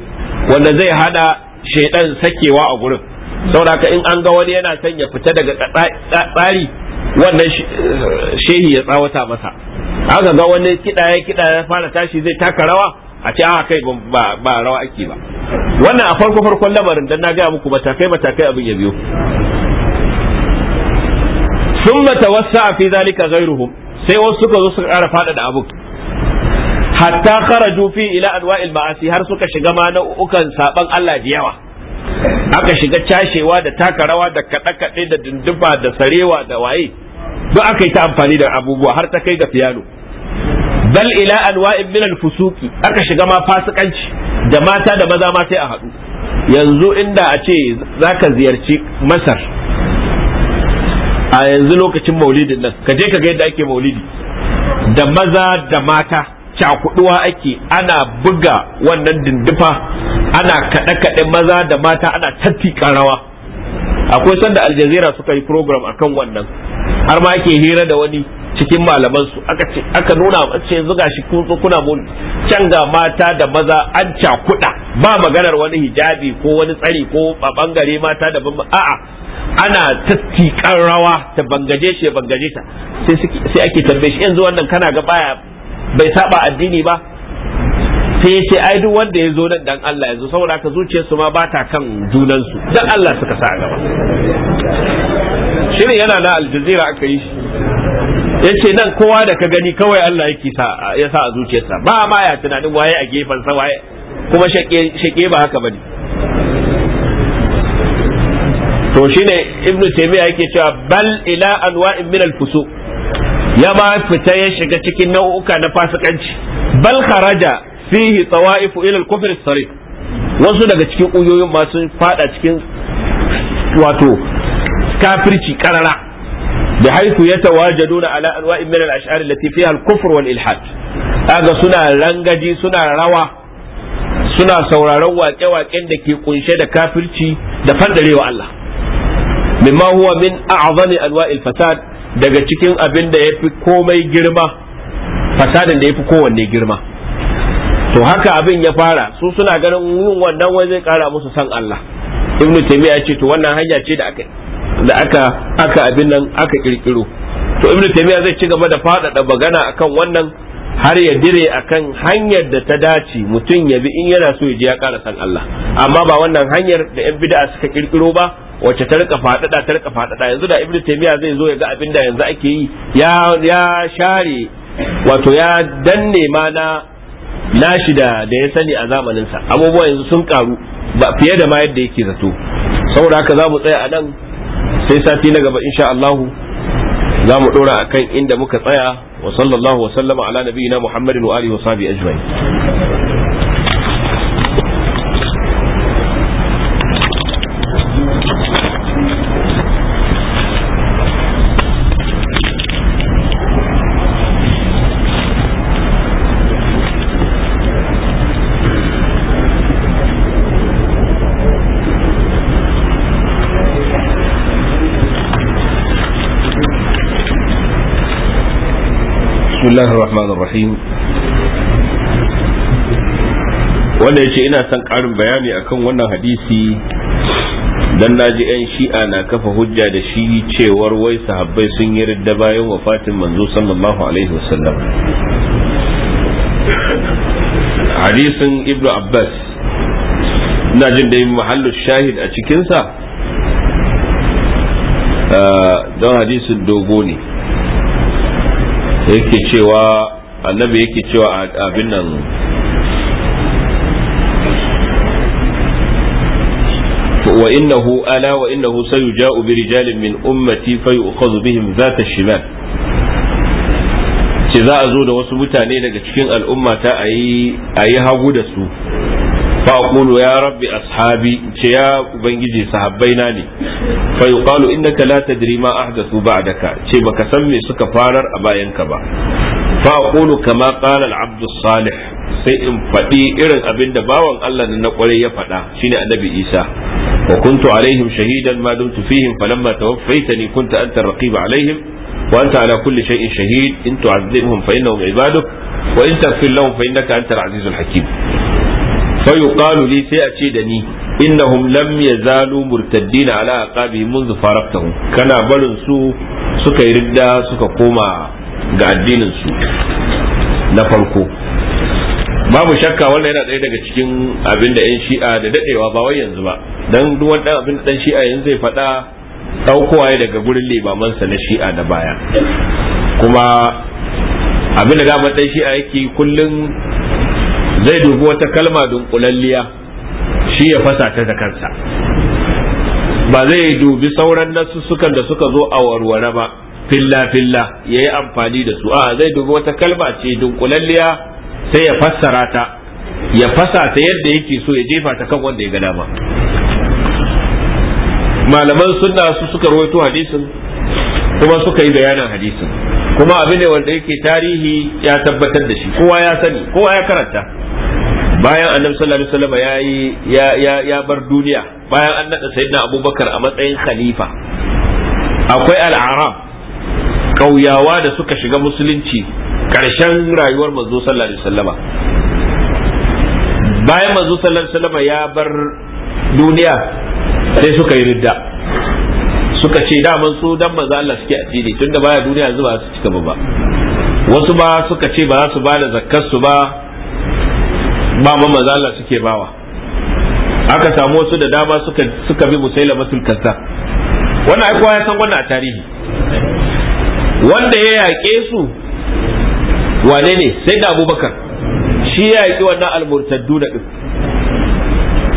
wanda zai hada shaidan sakewa a gurin saboda in an ga wani yana son ya fita daga tsari wannan shehi ya tsawata masa aka ga wani kiɗa ya ya fara tashi zai taka rawa a ce a ah, kai ba rawa ake ba wannan a farko farkon lamarin dan na gaya muku matakai matakai abin ya biyo sun tawassa fi zalika ghairuhum sai wasu suka zo suka ƙara da abu hatta kharaju fi ila anwa'il ma'asi har suka shiga ma nau'ukan saban Allah da yawa aka shiga cashewa da taka rawa da kaɗe-kaɗe da dinduba da sarewa da waye duk aka yi ta amfani da abubuwa har ta kai ga fiyano bal ila anwa'in min al-fusuki aka shiga ma fasikanci da mata da maza ma sai a haɗu yanzu inda a ce zaka ziyarci masar a yanzu lokacin maulidin nan ka je ka ga yadda ake maulidi da maza da mata cakuduwa ake ana buga wannan dindufa ana kaɗe-kaɗe maza da mata ana tattika rawa akwai sanda aljazira suka yi program akan wannan har ma ake hira da wani cikin malaman su aka nuna ce zuga shi kuna mun can ga mata da maza an cakuɗa ba maganar wani hijabi ko wani tsari ko a bangare mata da ban a'a ana tattikan rawa ta bangaje shi bangaje ta sai ake tambaye shi yanzu wannan kana ga baya bai saba addini ba sai ce ai duk wanda ya zo nan dan Allah yanzu saboda ka su ma ba ta kan junan su dan Allah suka sa gaba shirin yana na aljazira aka yi shi ya ce nan kowa da ka gani kawai Allah yake sa ya sa a sa ba ma ya tunanin waye a gefen sa waye kuma shake ba haka bane to shine ibnu taymiya yake cewa bal ila anwa'in min al ya ba fita ya shiga cikin nau'uka na fasikanci bal kharaja fihi tawaifu ila al-kufr wasu daga cikin ƙungiyoyin ma sun fada cikin wato kafirci karara da haifu ya ala anwa'in min al ash'ari allati fiha al-kufr wal ilhad kaga suna rangaji suna rawa suna sauraron waƙe-waƙen da ke kunshe da kafirci da fandarewa Allah mimma huwa min a'zami anwa'il fasad daga cikin abin da yafi komai girma fasadin da yafi kowanne girma to haka abin ya fara su suna ganin yin wannan wai zai kara musu san Allah ibn taymiya ce to wannan hanya ce da aka da aka aka abin nan aka kirkiro to ibn taymiya zai ci gaba da faɗaɗa magana akan wannan har ya dire akan hanyar da ta dace mutum ya bi in yana so ya ji ya kara san Allah amma ba wannan hanyar da yan bid'a suka kirkiro ba wace ta rika faɗaɗa ta rika faɗaɗa yanzu da ibn taymiya zai zo ya ga abin da yanzu ake yi ya ya share wato ya danne ma na nashi da da ya sani a zamanin sa abubuwa yanzu sun karu ba fiye da ma yadda yake zato saboda haka za mu tsaya a nan sai sati na gaba insha Allah za mu dora akan inda muka tsaya wa sallallahu wa sallama ala nabiyina Muhammadin wa alihi wa sahbihi ajma'in الله الرحمن الرحيم wanda ya ce ina son ƙarin bayani akan wannan hadisi dan naji 'yan shi'a na kafa hujja da shi cewar wai sahabbai sun yi ridda bayan wafatin manzo sallallahu alaihi wasallam hadisin ibnu abbas ina jin da yin mahallu shahid a cikinsa ah, don hadisin dogo ne yake cewa annabi yake cewa abin nan wa innahu ala wa innahu sayuja'u bi rijalin min ummati fa yu'khadhu bihim zata shimal ce za a zo da wasu mutane daga cikin al'ummata ta a yi hagu da su fa aqulu ya rabbi ashabi ce ya ubangiji na ne fa yuqalu innaka la tadri ma ahdathu ba'daka ce baka san me suka farar a bayanka ba fa aqulu kama qala al-abd sai in faɗi irin abinda da bawan Allah na kwarai ya faɗa shine annabi Isa wa kuntu alaihim shahidan ma dumtu fihim falamma tawaffaytani kunta anta ar-raqib alaihim wa anta ala kulli shay'in shahid in tu'adhibhum fa innahum ibaduk wa in taghfir lahum fa innaka antal azizul hakim fa yuqalu li sai a ce da ni innahum lam yazalu murtaddina ala aqabi منذ faraqtahum kana barin su suka yi ridda suka koma ga addinin su na farko babu shakka wannan yana daya daga cikin abin da 'yan shi'a da dadewa ba wai yanzu ba dan duk wani abin da dan shi'a yanzu zai faɗa ɗaukowa daga gurin limamansa na shi'a da baya kuma abin da damar dan shi'a yake kullum zai dubi wata kalma dunkulalliya shi ya fasa ta da kansa ba zai dubi sauran nasussukan da suka zo a warware ba filla filla ya yi amfani da su a zai dubi wata kalma ce dunkulalliya sai ya fassara ta ya fasa ta yadda yake so ya jefa ta kan wanda ya gada dama malaman sunna su suka rawaito hadisin kuma suka yi bayanin hadisin kuma abin ne wanda yake tarihi ya tabbatar da shi kowa ya sani kowa ya karanta bayan annabi sallallahu alaihi wasallam ya ya ya bar duniya bayan an nada sayyidina abubakar a matsayin khalifa akwai al'arab kauyawa da suka shiga musulunci karshen rayuwar manzo sallallahu alaihi wasallam bayan manzo sallallahu alaihi wasallam ya bar duniya sai suka yi ridda suka ce daman su dan maza Allah suke addini tunda baya duniya yanzu ba su cika ba wasu ba suka ce ba za su bada da zakkar su ba ba ma maza Allah suke bawa aka samu wasu da dama suka suka bi musailamatul kazzab wannan ai kowa ya san wannan a tarihi wanda ya yaƙe su wane ne sai da abubakar shi ya yaƙi wannan almurtaddu da ɗin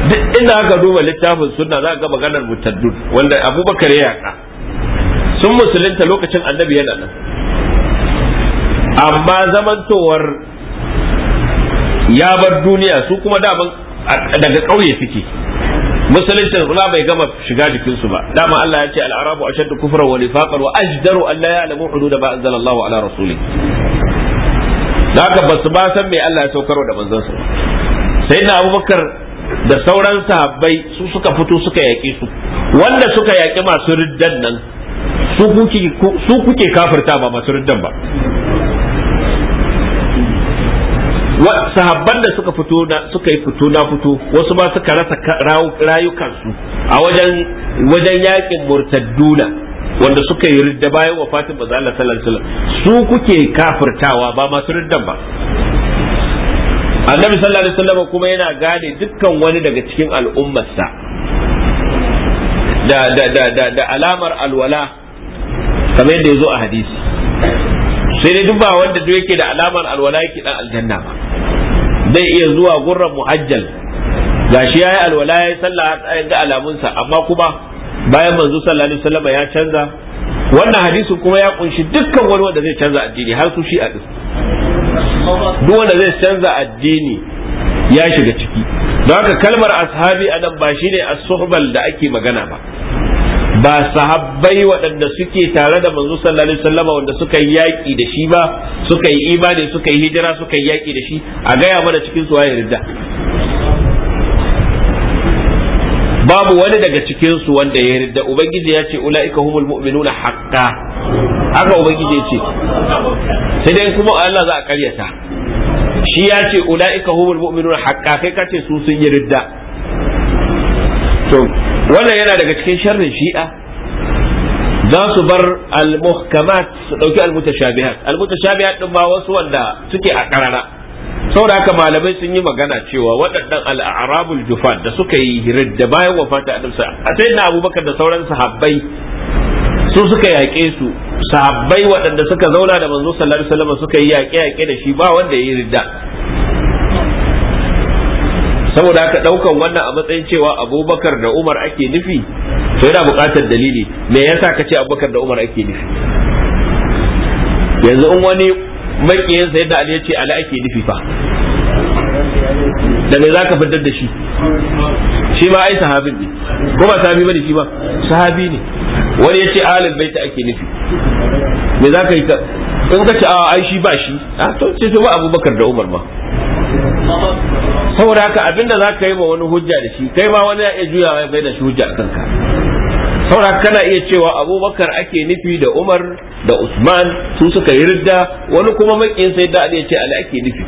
duk inda aka duba littafin sunna za a ga maganar mutaddud wanda abubakar ya yaka sun musulunta lokacin annabi yana nan amma zamantowar ya bar duniya su kuma daman daga ƙauye suke musuluncin kula bai gama shiga jikinsu ba dama Allah ya ce al'arabu ashaddu kufran wa nifaqan wa ajdaru an la ya'lamu hudud ma anzalallahu ala rasuli haka basu ba san me Allah ya saukar da manzon sa sayyidina Abubakar da sauran sahabbai su suka fito suka yaƙi su wanda suka yaƙi masu riddan nan su kuke kafirta ba masu riddan ba sahabban da suka fito na suka yi fito na fito wasu ba suka rasa rayukansu a wajen wajen yaƙin murtadduna wanda suka yi ridda bayan wafatin manzo Allah sallallahu alaihi su kuke kafirtawa ba masu riddan ba annabi sallallahu alaihi wasallam kuma yana gane dukkan wani daga cikin al'ummarsa da da da da da alamar alwala kamar yadda yazo a hadisi sai dai duk ba wanda duk yake da alamar alwala yake dan aljanna ba zai iya zuwa gurran muhajjal gashi yayi alwala yayi sallah ga alamunsa amma kuma bayan manzo sallallahu alaihi wasallam ya canza wannan hadisin kuma ya kunshi dukkan wani wanda zai canza addini har su shi a duk wanda zai canza addini ya shiga ciki don haka kalmar ashabi a nan ba shine as da ake magana ba ba sahabbai waɗanda suke tare da manzo sallallahu alaihi wasallam wanda suka yi yaƙi da shi ba suka yi imani suka yi hijira suka yi yaƙi da shi a gaya mana cikin su waye ridda babu wani daga cikin su wanda ya ridda ubangiji ya ce ulaika humul mu'minuna haqqan haka ubangiji ya ce sai dai kuma Allah za a karyata shi ya ce ula'ika humul mu'minuna haqqa kai ka ce su sun yi ridda to wannan yana daga cikin sharrin shi'a za su bar al-muhkamat su dauki al-mutashabihat al-mutashabihat din ba wasu wanda suke a karara saboda haka malamai sun yi magana cewa waɗannan al-arabul da suka yi ridda bayan wafata annabi sai na abubakar da sauran sahabbai su suka yaƙe su sahabbai waɗanda suka zauna da manzo sallallahu alaihi wasallam suka yi yaƙe yaƙe da shi ba wanda ya yi ridda saboda haka ɗaukan wannan a matsayin cewa abubakar da umar ake nufi to yana buƙatar dalili me yasa ka ce abubakar da umar ake nufi yanzu in wani makiyin yadda ali ya ce ali ake nufi fa da me zaka fitar da shi shi ma ai sahabin ne ko ba sahabi bane shi ba sahabi ne wani yace alal baita ake nufi me zaka yi ka in ka ce a ai shi ba shi a ah, to ce to ba Abubakar da Umar ma saboda haka abinda za ka yi ma wani hujja da shi kai ma wani ya iya juyawa bai da shi hujja a kanka saboda kana iya cewa abubakar ake nufi da umar da usman su suka yi ridda wani kuma makin sai da ya ce ali ake nufi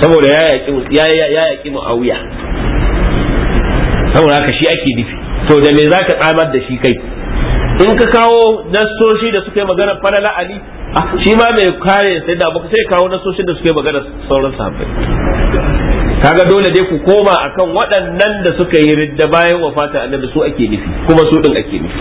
saboda ya yaƙi ya saboda haka shi ake nufi to da me zaka tsamar da shi kai in ka kawo nasoshi da suka yi maganar falala ali ah, shi ma mai kare sai da baka sai kawo nasoshin da suka yi maganar sauran sahabbai kaga dole dai ku koma akan waɗannan da suka yi ridda bayan wafata annabi su ake nufi kuma su din ake nufi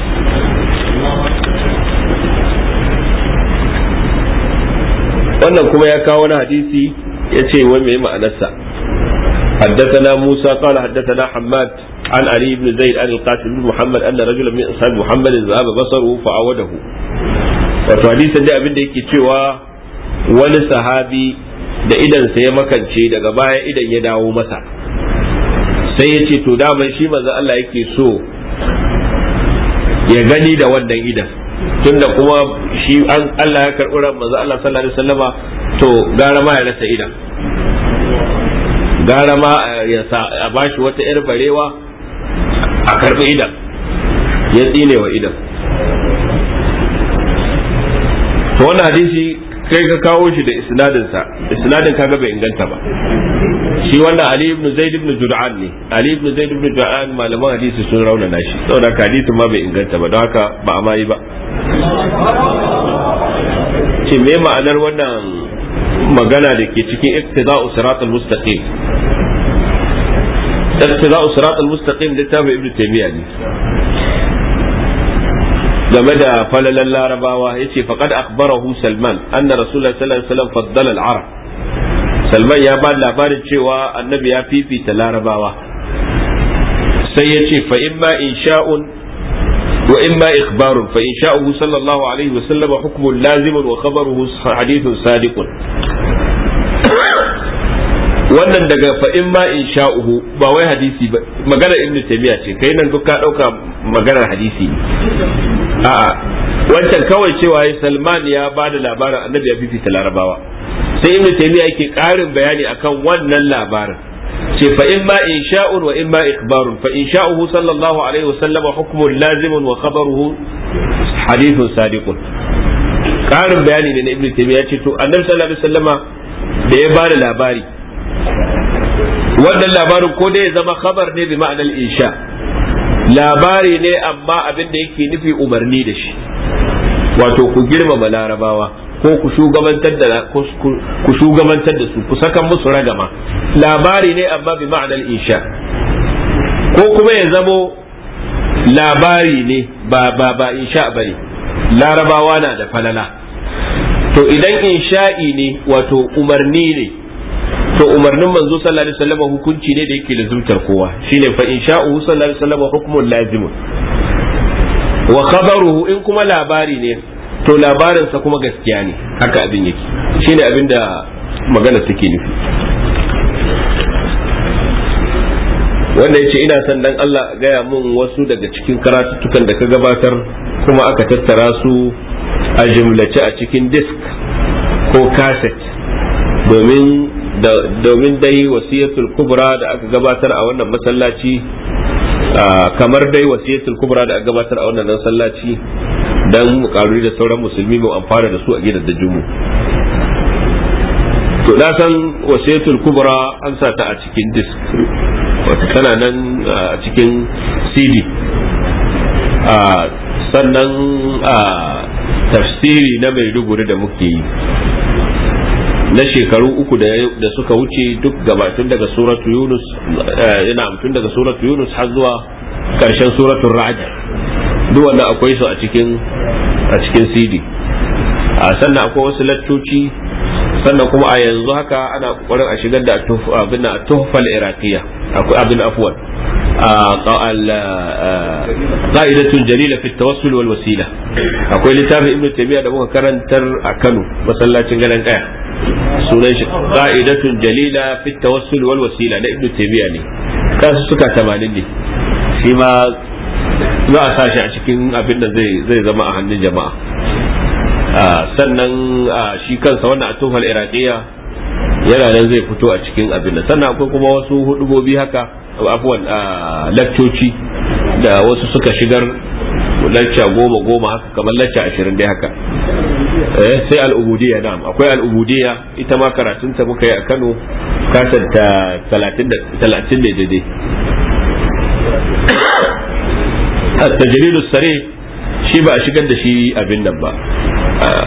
wannan kuma ya kawo na hadisi ya wai mai ma'anarsa حدثنا موسى قال حدثنا حماد عن علي بن زيد عن القاسم بن محمد ان رجلا من اصحاب محمد ذهب بصره فعوده wato hadisin dai abin da yake cewa wani sahabi da idonsa ya makance daga baya idan ya dawo masa sai ya ce to daman shi manzo Allah yake so ya gani da wannan idon. tunda kuma shi an Allah ya karɓi ran manzo Allah sallallahu alaihi wasallama to gara ma ya rasa idan gara ma ya a bashi wata yar barewa a karɓi idan ya tsine wa idan to wannan hadisi kai ka kawo shi da isnadin sa isnadin kaga bai inganta ba shi wannan ali ibn zaid ibn jur'an ne ali ibn zaid ibn jur'an malaman hadisi sun na shi saboda hadisin ma bai inganta ba don haka ba a mai ba ce me ma'anar wannan magana da ke cikin iktida'u siratul mustaqim iktida'u siratul mustaqim littafin ibn taymiyyah ne game da falalan larabawa ya yace faqad akhbarahu salman anna rasulullah sallallahu alaihi wasallam faddala al salman ya ba labarin cewa annabi ya fifita larabawa sai ya ce fa in imma insha'un wa in ma ikhbarun fa insha'uhu sallallahu alaihi wa wasallam hukmun lazimun wa khabaruhu hadithun sadiqun wannan daga fa in ma in sha'uhu ba wai hadisi ba magana ibnu taymiya ce kai nan duk ka dauka maganar hadisi a'a wancan kawai cewa ya salman ya ba da labarin annabi ya fifita larabawa sai ibnu taymiya yake karin bayani akan wannan labarin ce fa in ma insha'un wa in ma ikhbarun fa insha'uhu sallallahu alaihi wa sallam hukmun lazimun wa khabaruhu hadithun sadiqun karin bayani ne na ibnu taymiya ce to annabi sallallahu alaihi wasallama da ya ba da labari wannan labarin ko dai ya zama khabar ne bi ma'anar insha' labari ne amma abin da yake nufi umarni da shi wato ku girmama larabawa ko ku shugabantar da su ku sakan musu ragama labari ne amma bi ma'anar insha ko kuma ya zamo labari ne ba ba ba insha bane larabawa na da falala to idan insha'i ne wato umarni ne to umarnin manzo sallallahu alaihi wasallam hukunci ne da yake zuciyar kowa shine fa Allah sallallahu alaihi wasallam hukmun lazimun wa khabaruhu in kuma labari ne to labarinsa kuma gaskiya ne haka abin yake shine abin da magana take nufi wanda yace ina son dan Allah gaya mun wasu daga cikin karatuttukan da ka gabatar kuma aka tattara su a jimlace a cikin disk ko kaset domin domin dai wasiyatul kubra da aka gabatar a wannan masallaci kamar dai wasiyatul kubra da aka gabatar a wannan masallaci dan karuri da sauran musulmi mu amfana da su a gidan dajinmu to na san wasiyatul kubra an sa ta a cikin disk wata tana nan a cikin cd sannan a tafsiri na mai rubuta da muke yi na shekaru uku da suka wuce duk gabatun daga suratu yunus yana eh, amtun daga suratu yunus har zuwa karshen suratun Raja duk wanda akwai su a cikin a cikin cd a sannan akwai wasu lattoci sannan kuma a yanzu haka ana kokarin a shigar da abin a tuhfal iraqiya akwai abin a afwan qa'idatun jalila fi tawassul wal wasila akwai littafin ibnu taymiya da muka karantar a Kano masallacin gadan kaya sunan shi qa'idatun jalila fi tawassul wal wasila na ibnu taymiya ne kasu suka tamanin ne shi ma za a sashi a cikin abin da zai zama a hannun jama'a sannan shi kansa wannan atufal iraqiyya yana nan zai fito a cikin abin da sannan akwai kuma wasu hudubobi haka abuwan lakcoci da wasu suka shigar lacca goma goma haka kamar lacca ashirin dai haka eh sai al'ubudiyya na'am akwai al'ubudiyya ita ma karatun ta muka yi a Kano kasar ta 30 da 30 ne daidai at sari shi ba a shigar da shi abin nan ba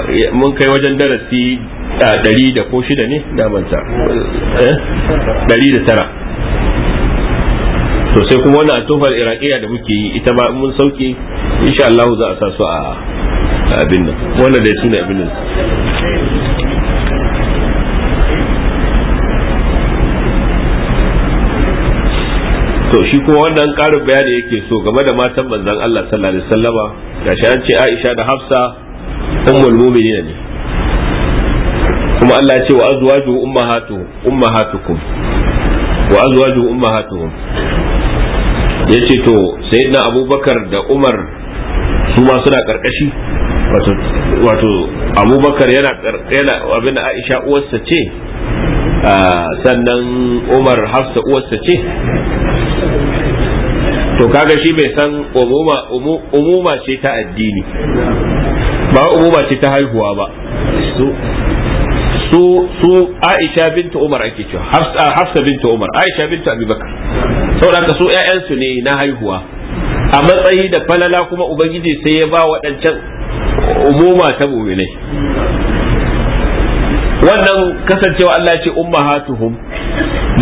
eh, mun kai wajen darasi dari da ko shida ne damanta dari eh, da tara to sai kuma wannan atofar iraqiya da muke yi ita ba mun sauki insha Allah za a sa su a abin nan wannan dai ne abin nan to shi ko wannan karin bayani yake so game da matan manzon Allah sallallahu alaihi wasallama shi an ce Aisha da Hafsa ummul mu'minin ne kuma Allah ya ce wa azwaju ummahatu ummahatukum wa azwaju ummahatuhum yace to sayyidina Abubakar da Umar su ma suna karkashi wato abubakar yana abin da aisha uwarsa ce sannan umar hafsa uwarsa ce to kaga shi bai san umuma ce ta addini ba umuma ce ta haihuwa ba su su Aisha binta Umar ake cewa Hafsa binta Umar Aisha binta Abubakar saboda su ƴaƴansu ne na haihuwa a matsayi da falala kuma ubangiji sai ya ba waɗancan umuma ta mu'minai wannan kasancewa Allah ce ummahatuhum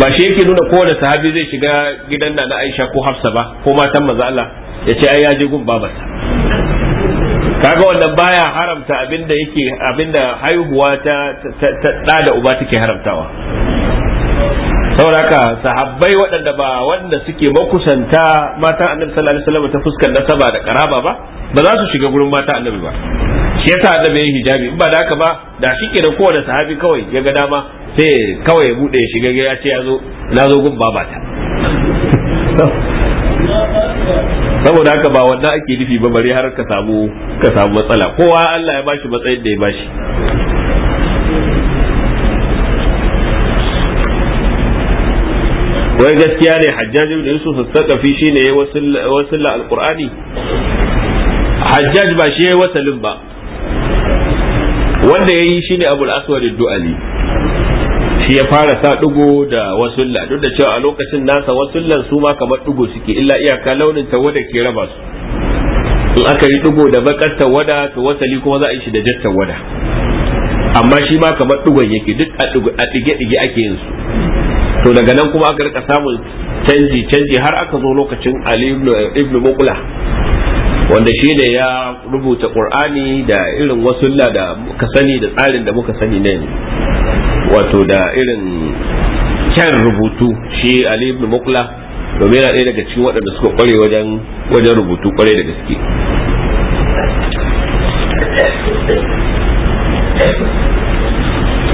ba shi yake nuna kowane sahabi zai shiga gidan na Aisha ko Hafsa ba ko matan maza Allah ya ce ai ya je gun babarsa kaga wannan baya haramta abinda yake abinda haihuwa ta ta da uba take haramtawa sauraka sahabbai waɗanda ba wanda suke makusanta mata annabi sallallahu alaihi wasallam ta fuskar nasaba da karaba ba ba za su shiga gurin mata annabi ba shi yasa annabi yayin hijabi in ba da haka ba da shi ke da kowane sahabi kawai ya ga dama sai kawai ya bude ya shiga ya ce ya zo na zo gun ta. saboda haka ba wanda ake nufi ba bari har ka samu ka samu matsala kowa Allah ya bashi matsayin da ya bashi wai gaskiya ne hajjaj ibn yusuf as-saqafi shine yayi wasil al-qur'ani hajjaj ba shi yayi wasalin ba wanda yayi shine abul aswad ad-du'ali shi ya fara sa dugo da wasulla duk da cewa a lokacin nasa wasullan su ma kamar dugo suke illa iyaka launin tawada ke raba su in aka yi dugo da bakar tawada to wasali kuma za a yi shi da jatta wada amma shi ma kamar dugon yake duk a dige dige ake yin su to daga nan kuma aka rika samun canji canji har aka zo lokacin ali ibn muqla wanda shi ne ya rubuta qur'ani da irin wasulla da muka sani da tsarin da muka sani ne wato da irin kyan rubutu shi ali ibn muqla domin yana ɗaya daga cikin waɗanda suka kware wajen wajen rubutu kware da gaske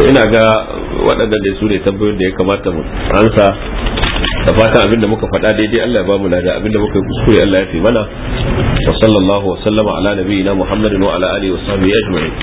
ina ga waɗannan ne su ne tambayoyin da ya kamata mu ansa da fatan abin da muka faɗa daidai Allah ya ba mu lada abin da muka yi kuskure Allah ya fi mana wa sallallahu wa sallama ala nabiyina Muhammadin wa ala alihi wa sahbihi ajma'in